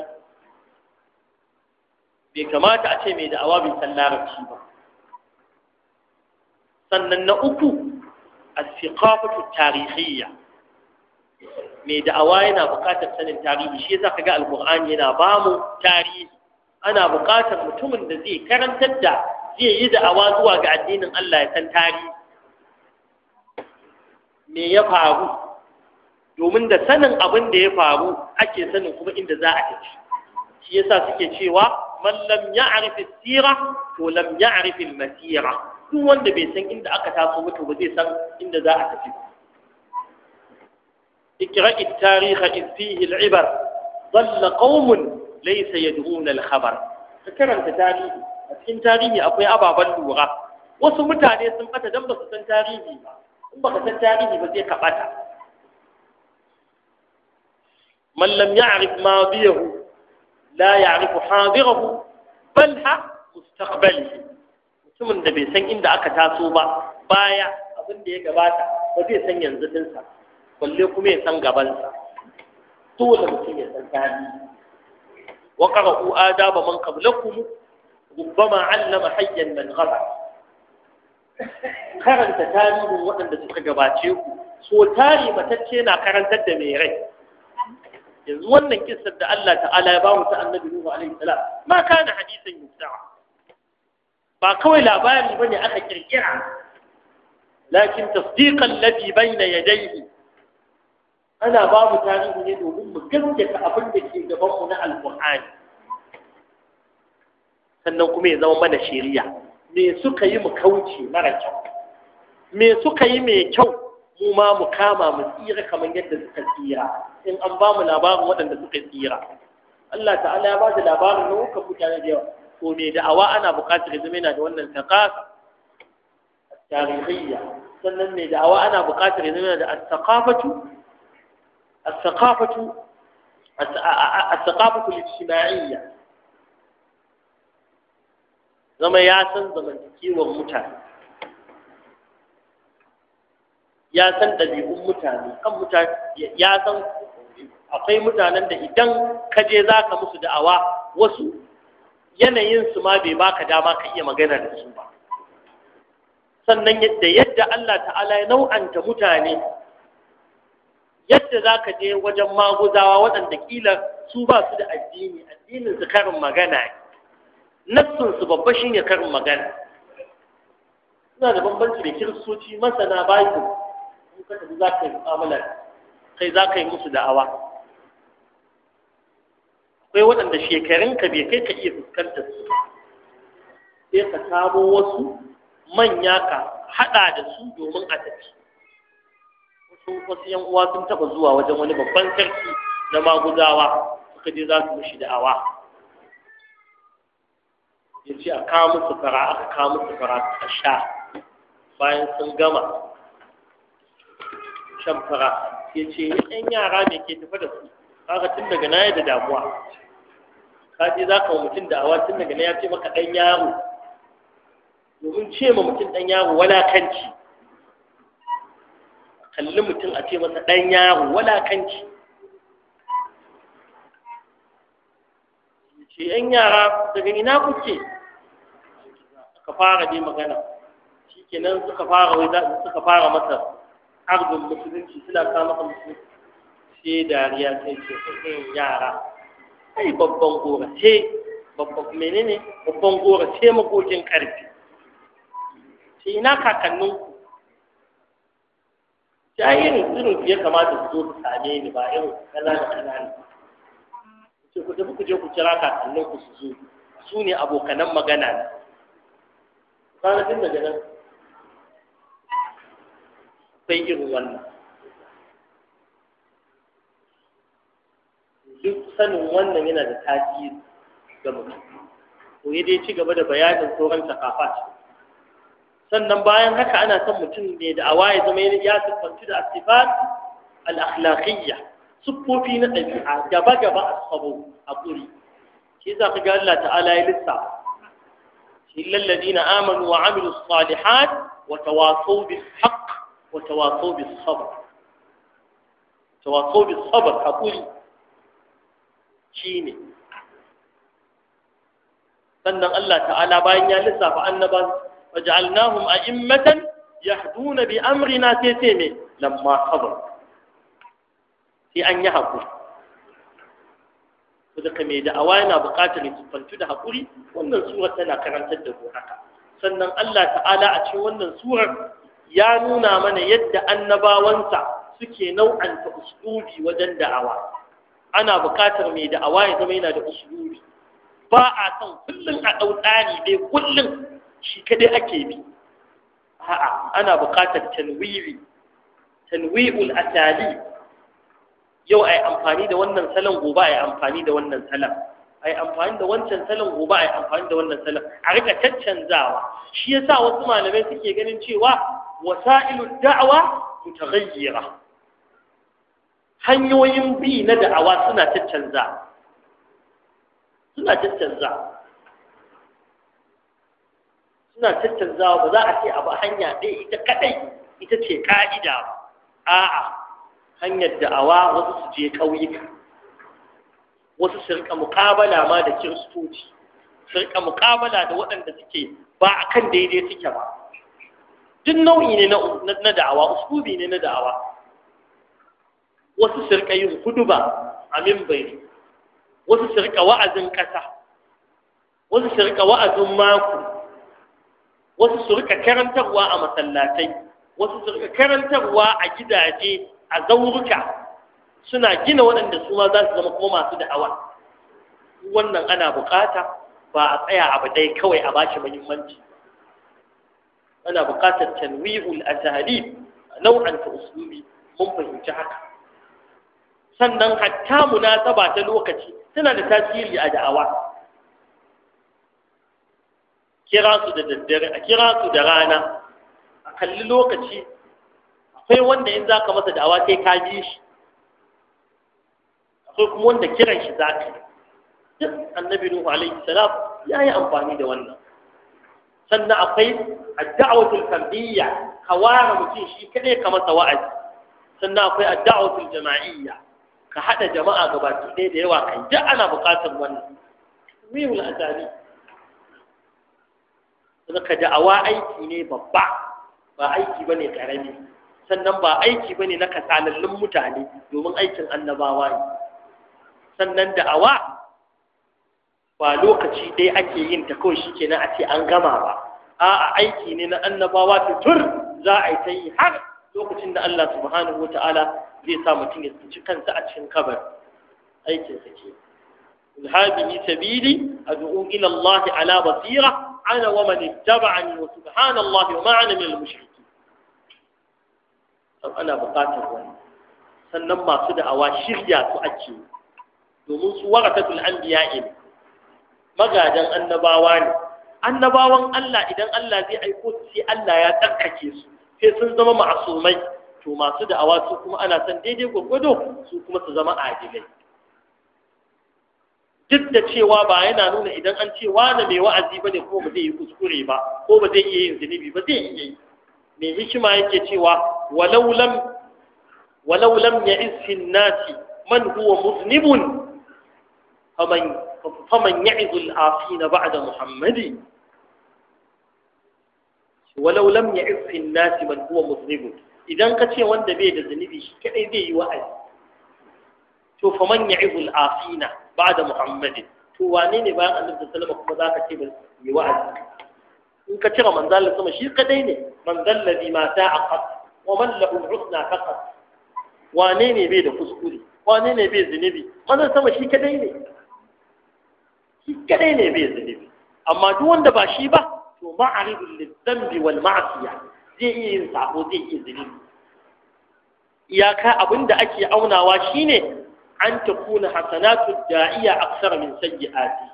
bai kamata a ce mai da'awa bai san larabci ba sannan na uku as-siqafatu tarihiyya mai da'awa yana buƙatar sanin tarihi shi yasa kaga alqur'ani yana ba mu tarihi ana buƙatar mutumin da zai karantar da zai yi da'awa zuwa ga addinin Allah ya san tarihi me ya faru domin da sanin abin da ya faru ake sanin kuma inda za a tafi shi yasa suke cewa man lam ya'rif as-sira to lam ya'rif al-masira duk wanda bai san inda aka taso mutum ba zai san inda za a tafi ba اقرأ التاريخ إذ فيه العبر ضل قوم ليس يدعون الخبر فكرم تاريخ أتكين تاريخ أقوي أبا بلوغة wasu mutane sun bata don ba su san tarihi ba in baka san tarihi ba sai ka bata man lam ya'rif madiyahu la ya'rif hadirahu bal ha mustaqbalihi mutumin da bai san inda aka taso ba baya abin da ya gabata ba zai san yanzu dinsa balle kuma ya san gabansa dole mutum ya san tarihi wa qara'u man qablakum rubbama 'allama hayyan man ghabar karanta tarihin waɗanda suka gabace ku so tari matacce na karantar da mai rai yanzu wannan kissar da Allah ta'ala ya bamu ta annabi Nuhu alaihi salam ma kana hadisan yusra ba kawai labari bane aka kirkira lakin tasdiqan ladhi bayna yadayhi ana babu tarihi ne domin mu gaskata abin da ke gaban mu na alqur'ani sannan kuma ya zama mana shari'a me suka yi mu kauce mara kyau me suka yi mai kyau mu ma mu kama mu tsira kamar yadda suka tsira in an ba mu labarin waɗanda suka tsira Allah ta'ala ya ba da labarin nau'ukan mutane da yawa to me da'awa ana buƙatar ya zama yana da wannan taƙasa tarihiyya sannan me da'awa ana buƙatar ya zama yana da at-taqafatu الثقافة الثقافة الاجتماعية zama ya san zamantakewar mutane ya san ɗabi'un mutane kan mutane ya san akwai mutanen da idan ka je za ka musu da'awa wasu yanayin su ma bai baka dama ka iya magana da su ba sannan da yadda Allah ta'ala ya nau'anta mutane yadda za ka je wajen maguzawa waɗanda ƙila su ba su da addini addinin su karin magana ne nassun su babba shi ne karin magana suna da bambanci da kiristoci masana bible in ka tafi za ka yi mu'amala kai za ka yi musu da'awa akwai waɗanda shekarunka bai kai ka iya fuskantar su sai ka samo wasu manya ka haɗa da su domin a tafi wasu yan uwa sun taba zuwa wajen wani babban sarki na maguzawa suka je za su mishi da'awa ya ce a kawo musu fara aka kawo musu fara a sha bayan sun gama shan fara ya ce yan yara ne ke tafi da su kaga tun daga na da damuwa ka je za ka mutum da'awa tun daga na ya ce maka ɗan yaro domin ce ma mutum ɗan yaro walakanci kalli mutum a ce masa ɗan yaro walakanci ce ‘yan yara daga ina kuke suka fara ne magana shi kenan suka fara wai suka fara masa arzin musulunci suna kama masa musulunci sai dariya sai ce ‘yan yara ai babban ce. babban menene babban ce makokin ƙarfi Sai ina kakanninku ta irin irin ya kamata su zo su same ni ba irin ƙanana ƙanana ce ku tafi ku je ku kira kakannin ku su zo su ne abokanan magana ne ranakun daga nan sai irin wannan duk sanin wannan yana da tasiri ga mutum ko ya dai ci gaba da bayanin sauran takafa sannan bayan haka ana son mutum ne da awa ya zama ya siffanci da asifat al-akhlaqiyya siffofi na ɗabi'a gaba gaba a sabo a kuri shi za ka ga Allah ta'ala ya lissafa إلا الذين آمنوا وعملوا الصالحات وتواصوا بالحق وتواصوا بالصبر تواصوا بالصبر أقول شيني sannan Allah ta'ala bayan ya lissafa annaban waj'alnahum a'immatan yahduna bi amrina sai sai me lamma sabar sai an yi hakuri to mai da'awa yana buƙatar ya tsufantu da hakuri wannan surar tana karantar da mu haka sannan Allah ta'ala a cikin wannan surar ya nuna mana yadda annabawansa suke nau'anta uslubi wajen da'awa ana buƙatar mai da'awa ya zama yana da uslubi ba a son kullum a ɗau tsari dai kullum shi kadai ake bi a'a ana buƙatar tanwiwi tanwi'ul atali yau ai amfani da wannan salon gobe ai amfani da wannan salon ai amfani da wancan salon gobe ai amfani da wannan salon a rika caccanzawa shi yasa wasu malamai suke ganin cewa wasa'ilud da'wa mutaghayyira hanyoyin bi na da'awa suna caccanza suna caccanza suna tattanzawa ba za a ce abu hanya ɗaya ita kaɗai ita ce ka'ida ba a'a hanyar da'awa wasu su je ƙauyuka wasu su rika muƙabala ma da kiristoci su rika muƙabala da waɗanda suke ba a kan daidai suke ba duk nau'i ne na da'awa uslubi ne na da'awa wasu su rika yin huduba a mimbari wasu su rika wa'azin ƙasa wasu su rika wa'azin mako wasu su rika karantarwa a masallatai wasu su rika karantarwa a gidaje a zauruka suna gina waɗanda su ma za su zama kuma masu da'awa wannan ana bukata ba a tsaya abu ɗaya kawai a bashi muhimmanci ana bukatar tanwi'ul azhari nau'an ta usuli mun fahimci haka sannan hatta munasaba ta lokaci tana da tasiri a da'awa kira su da daddare a kira su da rana a kalli lokaci akwai wanda in zaka masa da'awa sai ka ji shi akwai kuma wanda kiran shi zaka yi duk annabi nuhu alaihi salam ya yi amfani da wannan sannan akwai ad-da'watul ka ware mutum shi kadai ka masa wa'azi sannan akwai ad-da'watul jama'iyya ka hada jama'a gabaki ɗaya da yawa kai duk ana buƙatar wannan mihul azabi saka da'awa aiki ne babba ba aiki bane karami sannan ba aiki bane na kasalallun mutane domin aikin annabawa ne sannan da'awa ba lokaci dai ake yin ta kawai shi kenan a ce an gama ba a'a aiki ne na annabawa tutur za a yi ta yi har lokacin da Allah subhanahu wata'ala zai sa mutum ya tsinci kansa a cikin kabar aikinsa ke hadhihi sabili ad'u ila Allah ala basira ana wa man ittaba'ani wa subhanallahi wa ma ana min al-mushrikeen ana buƙatar wani sannan masu da'awa shirya su ake domin su waratatul anbiya ne magadan annabawa ne annabawan Allah idan Allah zai aiko su sai Allah ya tsarkake su sai sun zama ma'asumai to masu da'awa su kuma ana san daidai gwagwado su kuma su zama adilai duk da cewa ba yana nuna idan an ce wani mai wa'azi ba ne kuma ba zai yi kuskure ba ko ba zai iya yin zunubi ba zai iya yi mai hikima yake cewa walau lam ya isin nasi man huwa muznibun faman ya izul afina ba'da muhammadi walau lam ya isin nasi man huwa muznibun idan ka ce wanda bai da zunubi shi kadai zai yi wa'azi to faman ya izul afina ba'da muhammadin to wane ne bayan annabi sallallahu alaihi wasallam kuma zaka ce yi wa'azi in ka cire manzon Allah sama shi kadai ne manzon ladhi ma ta'aqat wa man lahu husna faqat wane ne bai da kuskure wane ne bai zunubi manzon sama shi kadai ne shi kadai ne bai zunubi amma duk wanda ba shi ba to ma'aridul lidhanbi wal ma'siyah zai iya yin sabo zai iya zunubi iyaka abinda ake aunawa shine an ta kuna hasanatu da'iya aksar min sayyi'ati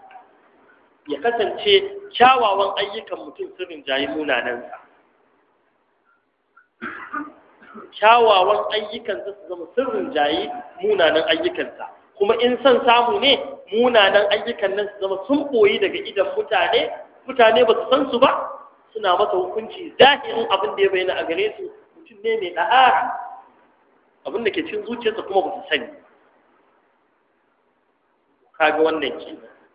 ya kasance kyawawan ayyukan mutum sirrin jayi munanansa kyawawan ayyukansa su zama sirrin jayi munanan ayyukansa kuma in son samu ne munanan ayyukan nan su zama sun koyi daga idan mutane mutane ba su san su ba suna masa hukunci zahirin abin da ya bayyana a gare su mutum ne mai ɗa'a abin da ke cin zuciyarsa kuma ba su sani kaga wannan ke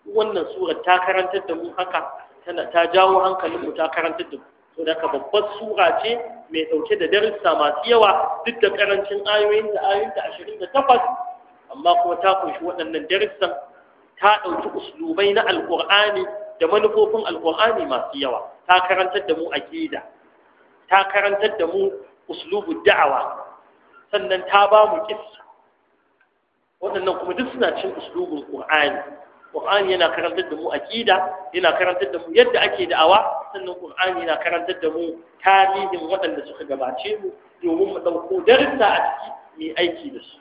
wannan sura ta karantar da mu haka tana ta jawo hankalin mu ta karantar da mu to babbar sura ce mai dauke da darussa masu yawa duk da karancin ayoyin da ayoyin da 28 amma kuma ta kunshi waɗannan darussan ta dauki uslubai na alqur'ani da manufofin alqur'ani masu yawa ta karantar da mu aqida ta karantar da mu uslubu da'awa sannan ta ba mu kissa waɗannan kuma duk suna cin uslubin ƙur'ani. Ƙur'ani yana karantar da mu aƙida, yana karantar da mu yadda ake da'awa sannan ƙur'ani yana karantar da mu tarihin waɗanda suka gabace mu domin mu ɗauko darussa a ciki mu aiki da su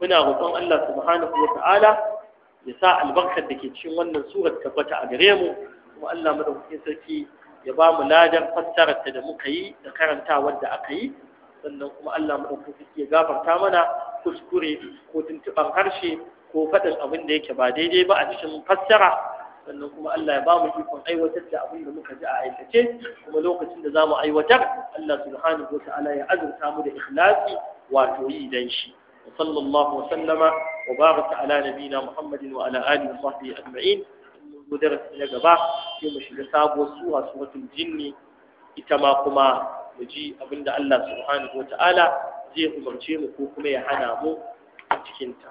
muna roƙon Allah subhanahu wa ta'ala ya sa albarkar da ke cikin wannan surar tabbata a gare mu kuma Allah madaukakin sarki ya ba mu ladan fassarar ta da muka yi da karantawar da aka yi sannan kuma Allah madaukakin sarki ya gafarta mana kuskure ko tuntuɓar harshe ko faɗin abin da yake ba daidai ba a cikin fassara sannan kuma Allah ya ba mu ikon aiwatar da abin da muka ji a aikace kuma lokacin da za mu aiwatar Allah subhanahu wa ta'ala ya azurta mu da ikhlasi wato yi dan shi sallallahu wa sallama wa baraka ala nabiyina muhammadin wa ala alihi wa sahbihi ajma'in mu darasi na gaba sai mu shiga sabuwar sura suratul jinni ita ma kuma mu ji abin da Allah subhanahu wa ta'ala zai umarce mu ko kuma ya hana mu a cikinta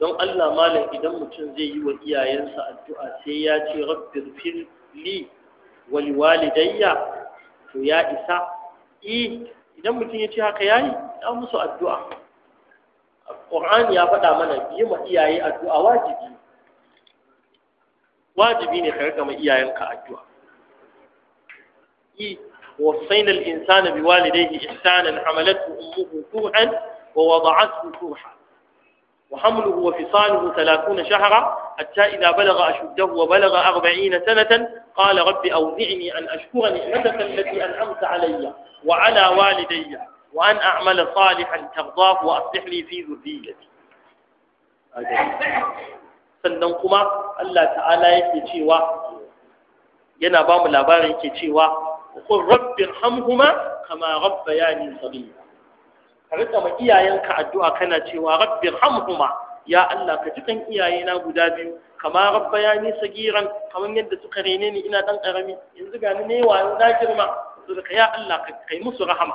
don Allah malam idan mutum zai yi wa iyayensa addu'a sai ya ce rabbi rufin li wa liwalidayya to ya isa E, idan mutum ya ce haka ya yi? ya musu addu'a Qur'ani ya faɗa mana yi ma iyaye addu'a wajibi wajibi ne ka riga ma iyayenka addu'a بوالديه إحسانا حملته أمه كوعا ووضعته كوحا وحمله وفصاله ثلاثون شهرا حتى إذا بلغ أشده وبلغ أربعين سنة قال رب أوزعني أن أشكر نعمتك التي أنعمت علي وعلى والدي وأن أعمل صالحا ترضاه وأصلح لي في ذريتي sannan kuma Allah ta'ala yake cewa yana ba mu labarin yake cewa qul rabbir hamhuma kama rabbayani saghira ka rika ma iyayenka addu'a kana cewa rabbin hamhuma ya Allah ka ji kan iyayena guda biyu kama rabbayani sagiran kaman yadda suka rene ni ina dan karami yanzu ga ni ne wayo na girma to ka ya Allah ka kai musu rahama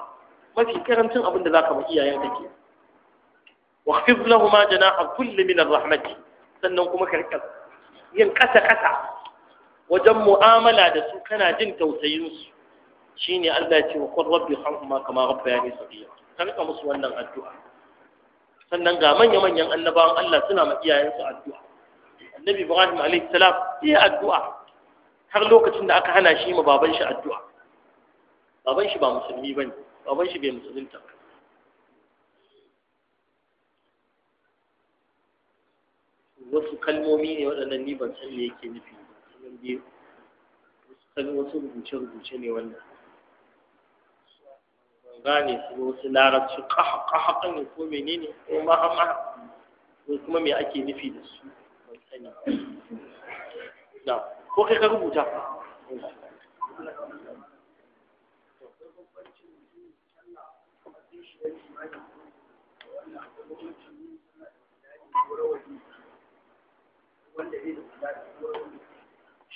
mafi karancin abin da zaka ma iyayenka ke واخفض لهما جناح الذل من الرحمة sannan kuma karkar yin kasa-kasa wajen mu'amala da su kana jin su. shi ne Allah ya ce wa kwan rabbi hamma kama rabba ya nisa biya karka musu wannan addu'a sannan ga manya-manyan annabawan Allah suna ma iyayensu addu'a annabi Ibrahim alayhi salam iya addu'a har lokacin da aka hana shi ma baban shi addu'a baban shi ba musulmi bane baban shi bai musulunta ba wasu kalmomi ne waɗannan ni ban san me yake nufi sannan dai wasu kalmomi wasu rubuce-rubuce ne wannan gane su ba wasu larabci kaha kaha kan ko menene ko maha maha ko kuma me ake nufi da su ban sani na ko kai ka rubuta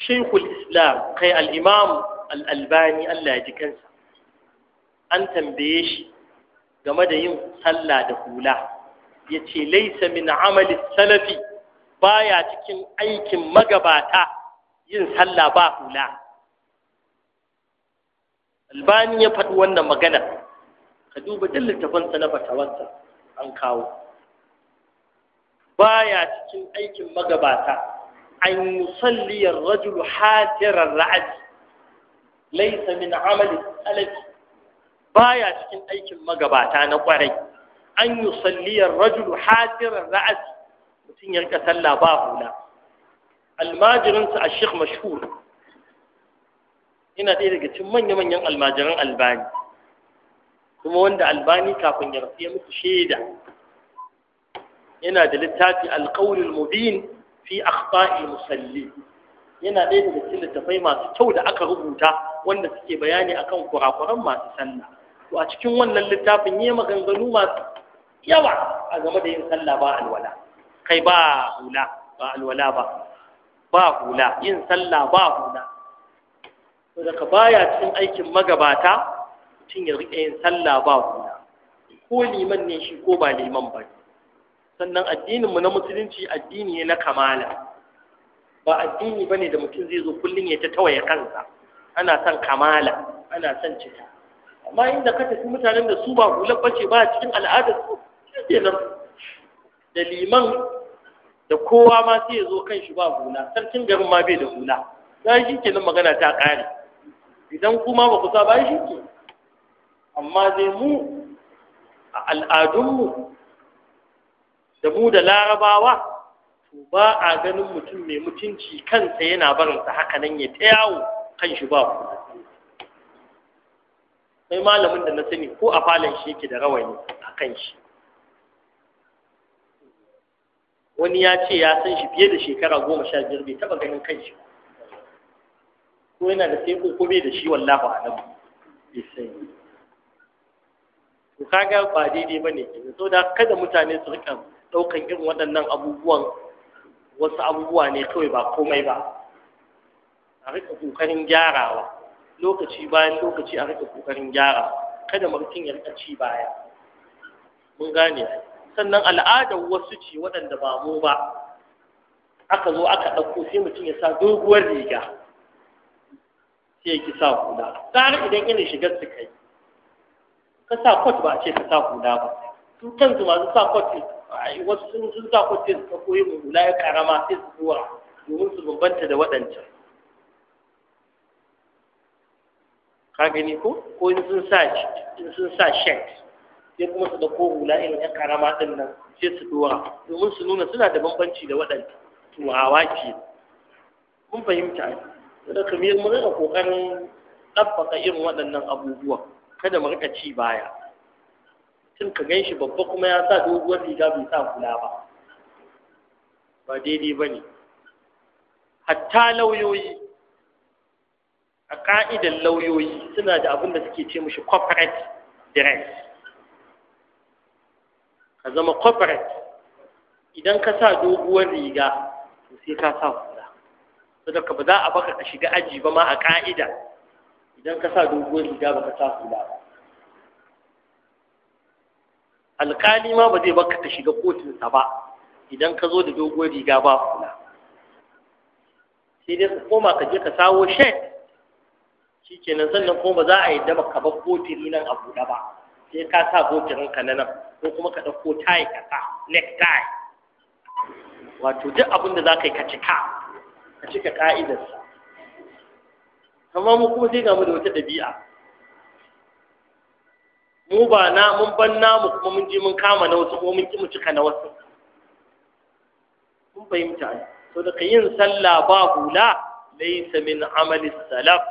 shaykhul islam kai al-imam al-albani ya ji an tambaye shi game da yin sallah da hula yace laysa min amali salafi baya cikin aikin magabata yin sallah ba hula albani ya faɗi wannan magana ka duba duk littafansa na fatawarsa an kawo baya cikin aikin magabata an yusalli ar-rajulu hajirar ra'aji laysa min amali baya cikin aikin magabata na kwarai an yusalli ar-rajulu hajirar ra'aji mutum ya rika sallah ba hula almajirinsa a shek mashhur ina ɗaya daga cikin manya-manyan almajiran albani kuma wanda albani kafin ya rasu ya mutu shaida yana da littafi alƙawlul mubin fi akhta'il musalli yana ɗaya daga cikin littafai masu kyau da aka rubuta wanda suke bayani akan kurakuran masu sallah to a cikin wannan littafin yi maganganu masu yawa a game da yin sallah ba alwala kai ba hula ba alwala ba ba hula yin sallah ba hula to daga baya cikin aikin magabata mutum ya riƙe yin sallah ba hula ko liman ne shi ko ba liman ba ne sannan addinin mu na musulunci addini ne na kamala ba addini ba da mutum zai zo kullun ya ta tawaye kansa ana son kamala ana son cika amma inda ka tafi mutanen da su ba hular bace ba cikin al'ada su ke nan da liman da kowa ma sai ya zo kan shi ba hula sarkin garin ma bai da hula za shi kenan magana ta ƙare idan kuma ba ku ba shi ke amma dai mu a al'adunmu da mu da larabawa to ba a ganin mutum mai mutunci kansa yana barinsa haka nan ya ta yawo kan shi ba ku sai malamin da na sani ko a falon shi yake da rawani a kan shi wani ya ce ya san shi fiye da shekara goma sha biyar bai taɓa ganin kan shi ko yana da sai ko bai da shi wallahu alam bai sani to kaga ba daidai bane kenan saboda kada mutane su rika ɗaukan irin waɗannan abubuwan wasu abubuwa ne kawai ba komai ba a rika ƙoƙarin gyarawa lokaci bayan lokaci a rika ƙoƙarin gyara kada mutum ya rika ci baya mun gane sannan al'adar wasu ce waɗanda ba mu ba aka zo aka ɗauko sai mutum ya sa doguwar riga sai ya ki sa Ta tsara idan irin shigar su kai ka sa kwat ba a ce ka sa kula ba su masu sa kwat wasu sun sun sa kwace su ka koyi mu lai karama sai su zuwa domin su bambanta da waɗancan ka gani ko ko in sun sa in sun sa shek sai kuma su da ko hula irin ya karama din nan sai su zuwa domin su nuna suna da bambanci da waɗanda turawa ke mun fahimta ne da kamar mu rika kokarin ɗabbaka irin waɗannan abubuwa kada mu rika ci baya sun ka gan shi babba kuma ya sa doguwar riga bai sa kula ba ba daidai ba ne hatta lauyoyi a ka'idar lauyoyi suna da abin da suke ce mushi corporate dress ka zama corporate idan ka sa doguwar riga to sai ka sa hula saboda ba za a baka ka shiga aji ba ma a ƙa'ida idan ka sa doguwar riga ba ka sa hula ba alƙali ma ba zai baka ka shiga kotunsa ba idan ka zo da dogon riga ba kula sai dai ka koma ka je ka sawo shed shi nan sannan kuma ba za a yi dama ka bar kotun nan a buɗe ba sai ka sa gotirin ka na nan ko kuma ka ɗauko tayi ka sa necktie wato duk abin da za ka yi ka cika ka cika ka'idarsa amma mu kuma sai ga mu da wata ɗabi'a mu ba na mun ban namu kuma mun je mun kama na wasu ko mun ki mu cika na wasu mun fahimta ne to da yin sallah ba hula laysa min amali salaf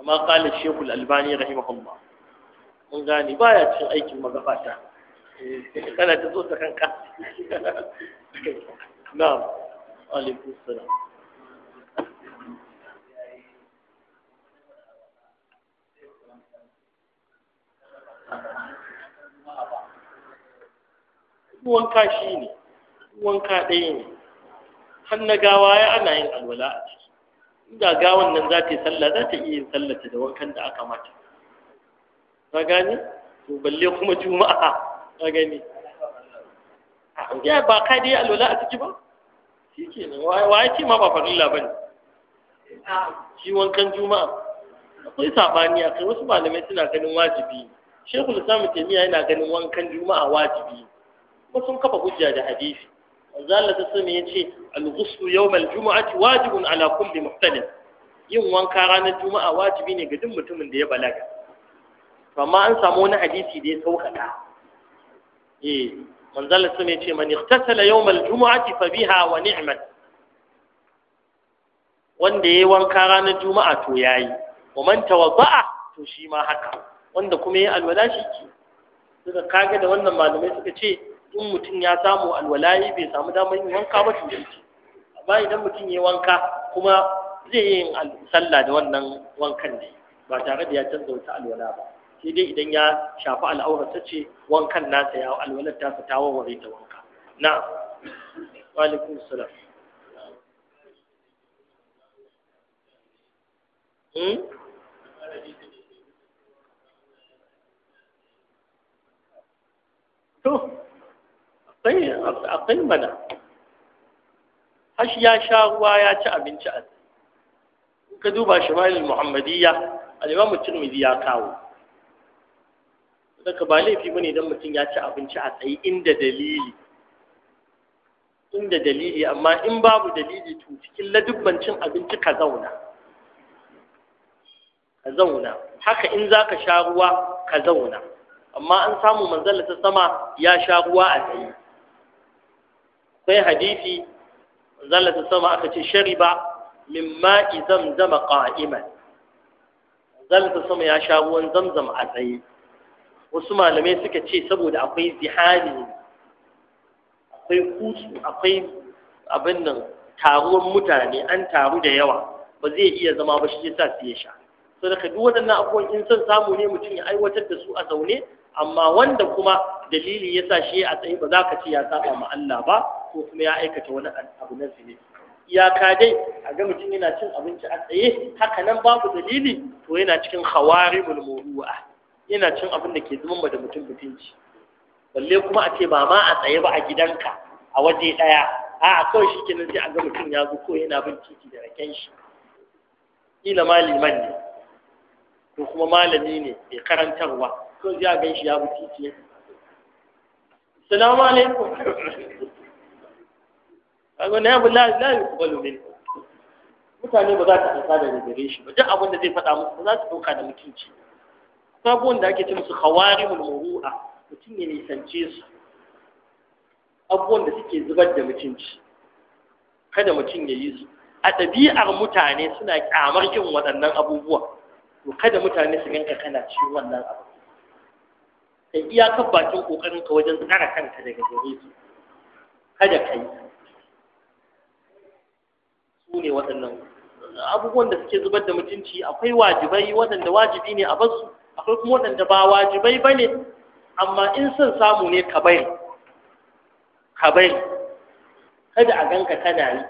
amma qala shaykh al-albani rahimahullah mun gane baya cin aikin magabata eh, kana ta zo ta kanka na'am alaikum salam wanka shi ne wanka ɗaya ne har na gawa ya ana yin alwala a ciki inda gawan nan za ta yi sallah za ta iya yin sallah da wankan da aka mata ka gani to balle kuma juma'a ka gani a ya ba ka dai alwala a ciki ba shi ke nan wa ya ce ma ba farilla ba ne shi wankan juma'a akwai saɓani a kai wasu malamai suna ganin wajibi shekul samun taimiyya yana ganin wankan juma'a wajibi kuma sun kafa hujja da hadisi manzo Allah ta ya ce, al yau yawm Juma'a jumati wajibun ala kulli muhtalim yin wanka ranar juma'a wajibi ne ga duk mutumin da ya balaga amma an samu wani hadisi da ya saukaka eh manzo ya ce, yace man ightasala yawm al-jum'ati fa biha wa ni'mat wanda ya yi wanka ranar juma'a to yayi wa man tawadda'a to shi ma haka wanda kuma ya alwala shi ke suka kage da wannan malamai suka ce in mutum ya samu alwalayi bai samu damar yin wanka ba to yanki amma idan mutum ya wanka kuma zai yi sallah da wannan wankan ne ba tare da ya canza wata alwala ba sai dai idan ya shafi al'aurar ta ce wankan nasa ya alwalar ta ta warware ta wanka na alaikum salam hmm? to akwai akwai mana hashi ya sha ruwa ya ci abinci a ka duba shimalil muhammadiyya al-imam ya kawo daga ba laifi bane idan mutum ya ci abinci a tsaye inda dalili inda dalili amma in babu dalili to cikin ladubban cin abinci ka zauna ka zauna haka in za ka sha ruwa ka zauna amma an samu manzala ta sama ya sha ruwa a tsaye akwai hadisi zallata sama aka ce shariba min ma'i zamzama qa'iman zallata sama ya sha ruwan zamzama a tsaye wasu malamai suka ce saboda akwai zihali akwai kusu, akwai abin nan taruwan mutane an taru da yawa ba zai iya zama ba shi sa su ya sha so da duk waɗannan abubuwan in son samu ne mutum ya aiwatar da su a zaune amma wanda kuma dalili yasa shi a tsaye ba za ka ce ya saba ma Allah ba ko kuma ya aikata wani abu na Ya iyaka dai a ga mutum yana cin abinci a tsaye haka nan babu dalili to yana cikin hawari mawdu'a yana cin abin da ke zama da mutum mutunci balle kuma a ce ba ma a tsaye ba a gidanka a waje daya a kawai shi kenan sai a ga mutum ya zo ko yana bin titi da raken shi kila maliman ne ko kuma malami ne mai karantarwa ko zai a gan shi ya bi titi salamu alaikum kaga na yabu la la yuqbalu min mutane ba za ta dauka da gare shi ba duk abin da zai faɗa musu ba za ta ɗauka da mutunci abubuwan da ake ce musu khawarimul muru'a mutum ya nisance su abubuwan da suke zubar da mutunci kada mutum ya yi su a ɗabi'ar mutane suna ƙyamar yin waɗannan abubuwa to kada mutane su ganka kana cikin wannan abu kai iyakar bakin ƙoƙarinka wajen tsara kanka daga gare su kada ka yi su ne waɗannan abubuwan da suke zubar da mutunci akwai wajibai waɗanda wajibi ne a basu akwai kuma waɗanda ba wajibai ba ne amma in son samu ne ka bari ka bari kada a ganka kana yi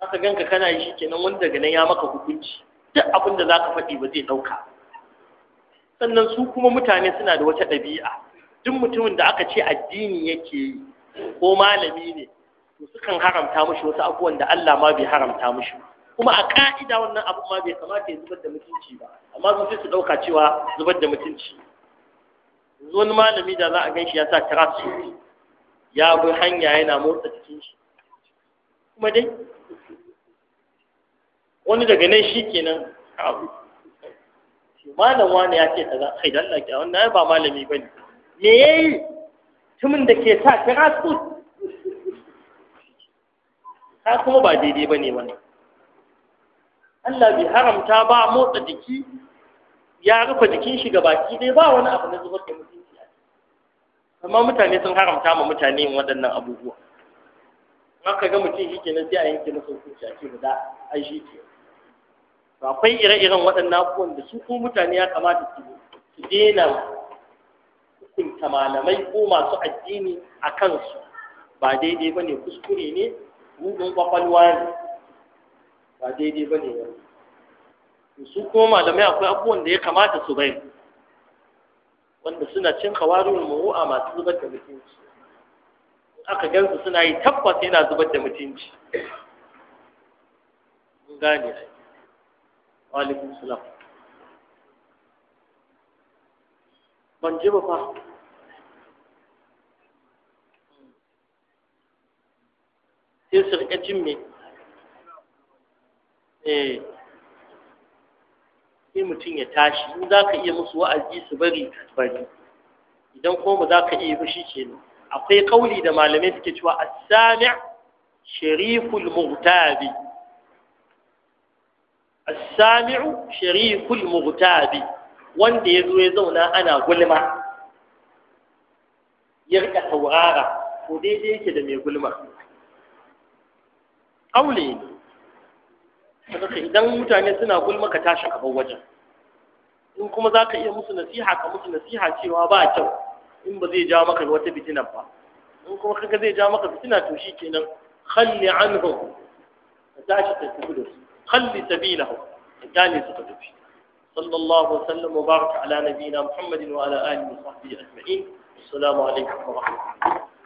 aka ganka kana yi shikenan wani daga nan ya maka hukunci duk abin da za ka faɗi ba zai ɗauka sannan su kuma mutane suna da wata ɗabi'a duk mutumin da aka ce addini yake yi ko malami ne to sukan haramta mushi wasu abubuwan da Allah ma bai haramta mushi kuma a ka'ida wannan abu ma bai kamata ya zubar da mutunci ba amma sun su dauka cewa zubar da mutunci wani malami da za a ganshi ya sa trasu ya bi hanya yana motsa cikin shi kuma dai wani daga nan shi kenan malam wani ya ce kaza kai da Allah ki wannan ba malami bane me yayi tumin da ke sa trasu ta kuma ba daidai ba ne wani Allah bai haramta ba motsa jiki ya rufe jikin shi ga baki dai ba wani abu na zubar da mutunci amma mutane sun haramta ma mutane yin waɗannan abubuwa haka ga mutum shi na sai a yanke masa hukunci a ce guda a shi ke akwai ire-iren waɗannan abubuwan da su ko mutane ya kamata su daina hukunta malamai ko masu addini a kansu ba daidai ba ne kuskure ne bugun kwakwalwa ne ba daidai ba ne wani su ko malamai akwai abubuwan da ya kamata su bai wanda suna cin kawarin muru'a masu zubar da mutunci aka gansu suna yi tabbas yana zubar da mutunci mun gane ai alaikum salam ban ji ba fa sai su rike cin me eh sai mutum ya tashi in za ka iya musu wa'azi su bari bari idan ko ba za ka iya ba shi ke akwai kauli da malamai suke cewa as-sami' shariful mughtabi as shariful mughtabi wanda ya zo ya zauna ana gulma ya rika taurara dai daidai yake da mai gulma ƙaule ne idan mutane suna gulma ka tashi ka bar wajen in kuma za ka iya musu nasiha ka musu nasiha cewa ba a kyau in ba zai jawo maka wata fitina ba in kuma kaga zai jawo maka fitina to shi kenan khalli anhum ka tashi ta tafi da su khalli sabilahu ka gane su ka tafi Sallallahu alaihi صلى الله ala وبارك على نبينا محمد وعلى آله وصحبه أجمعين السلام عليكم wa الله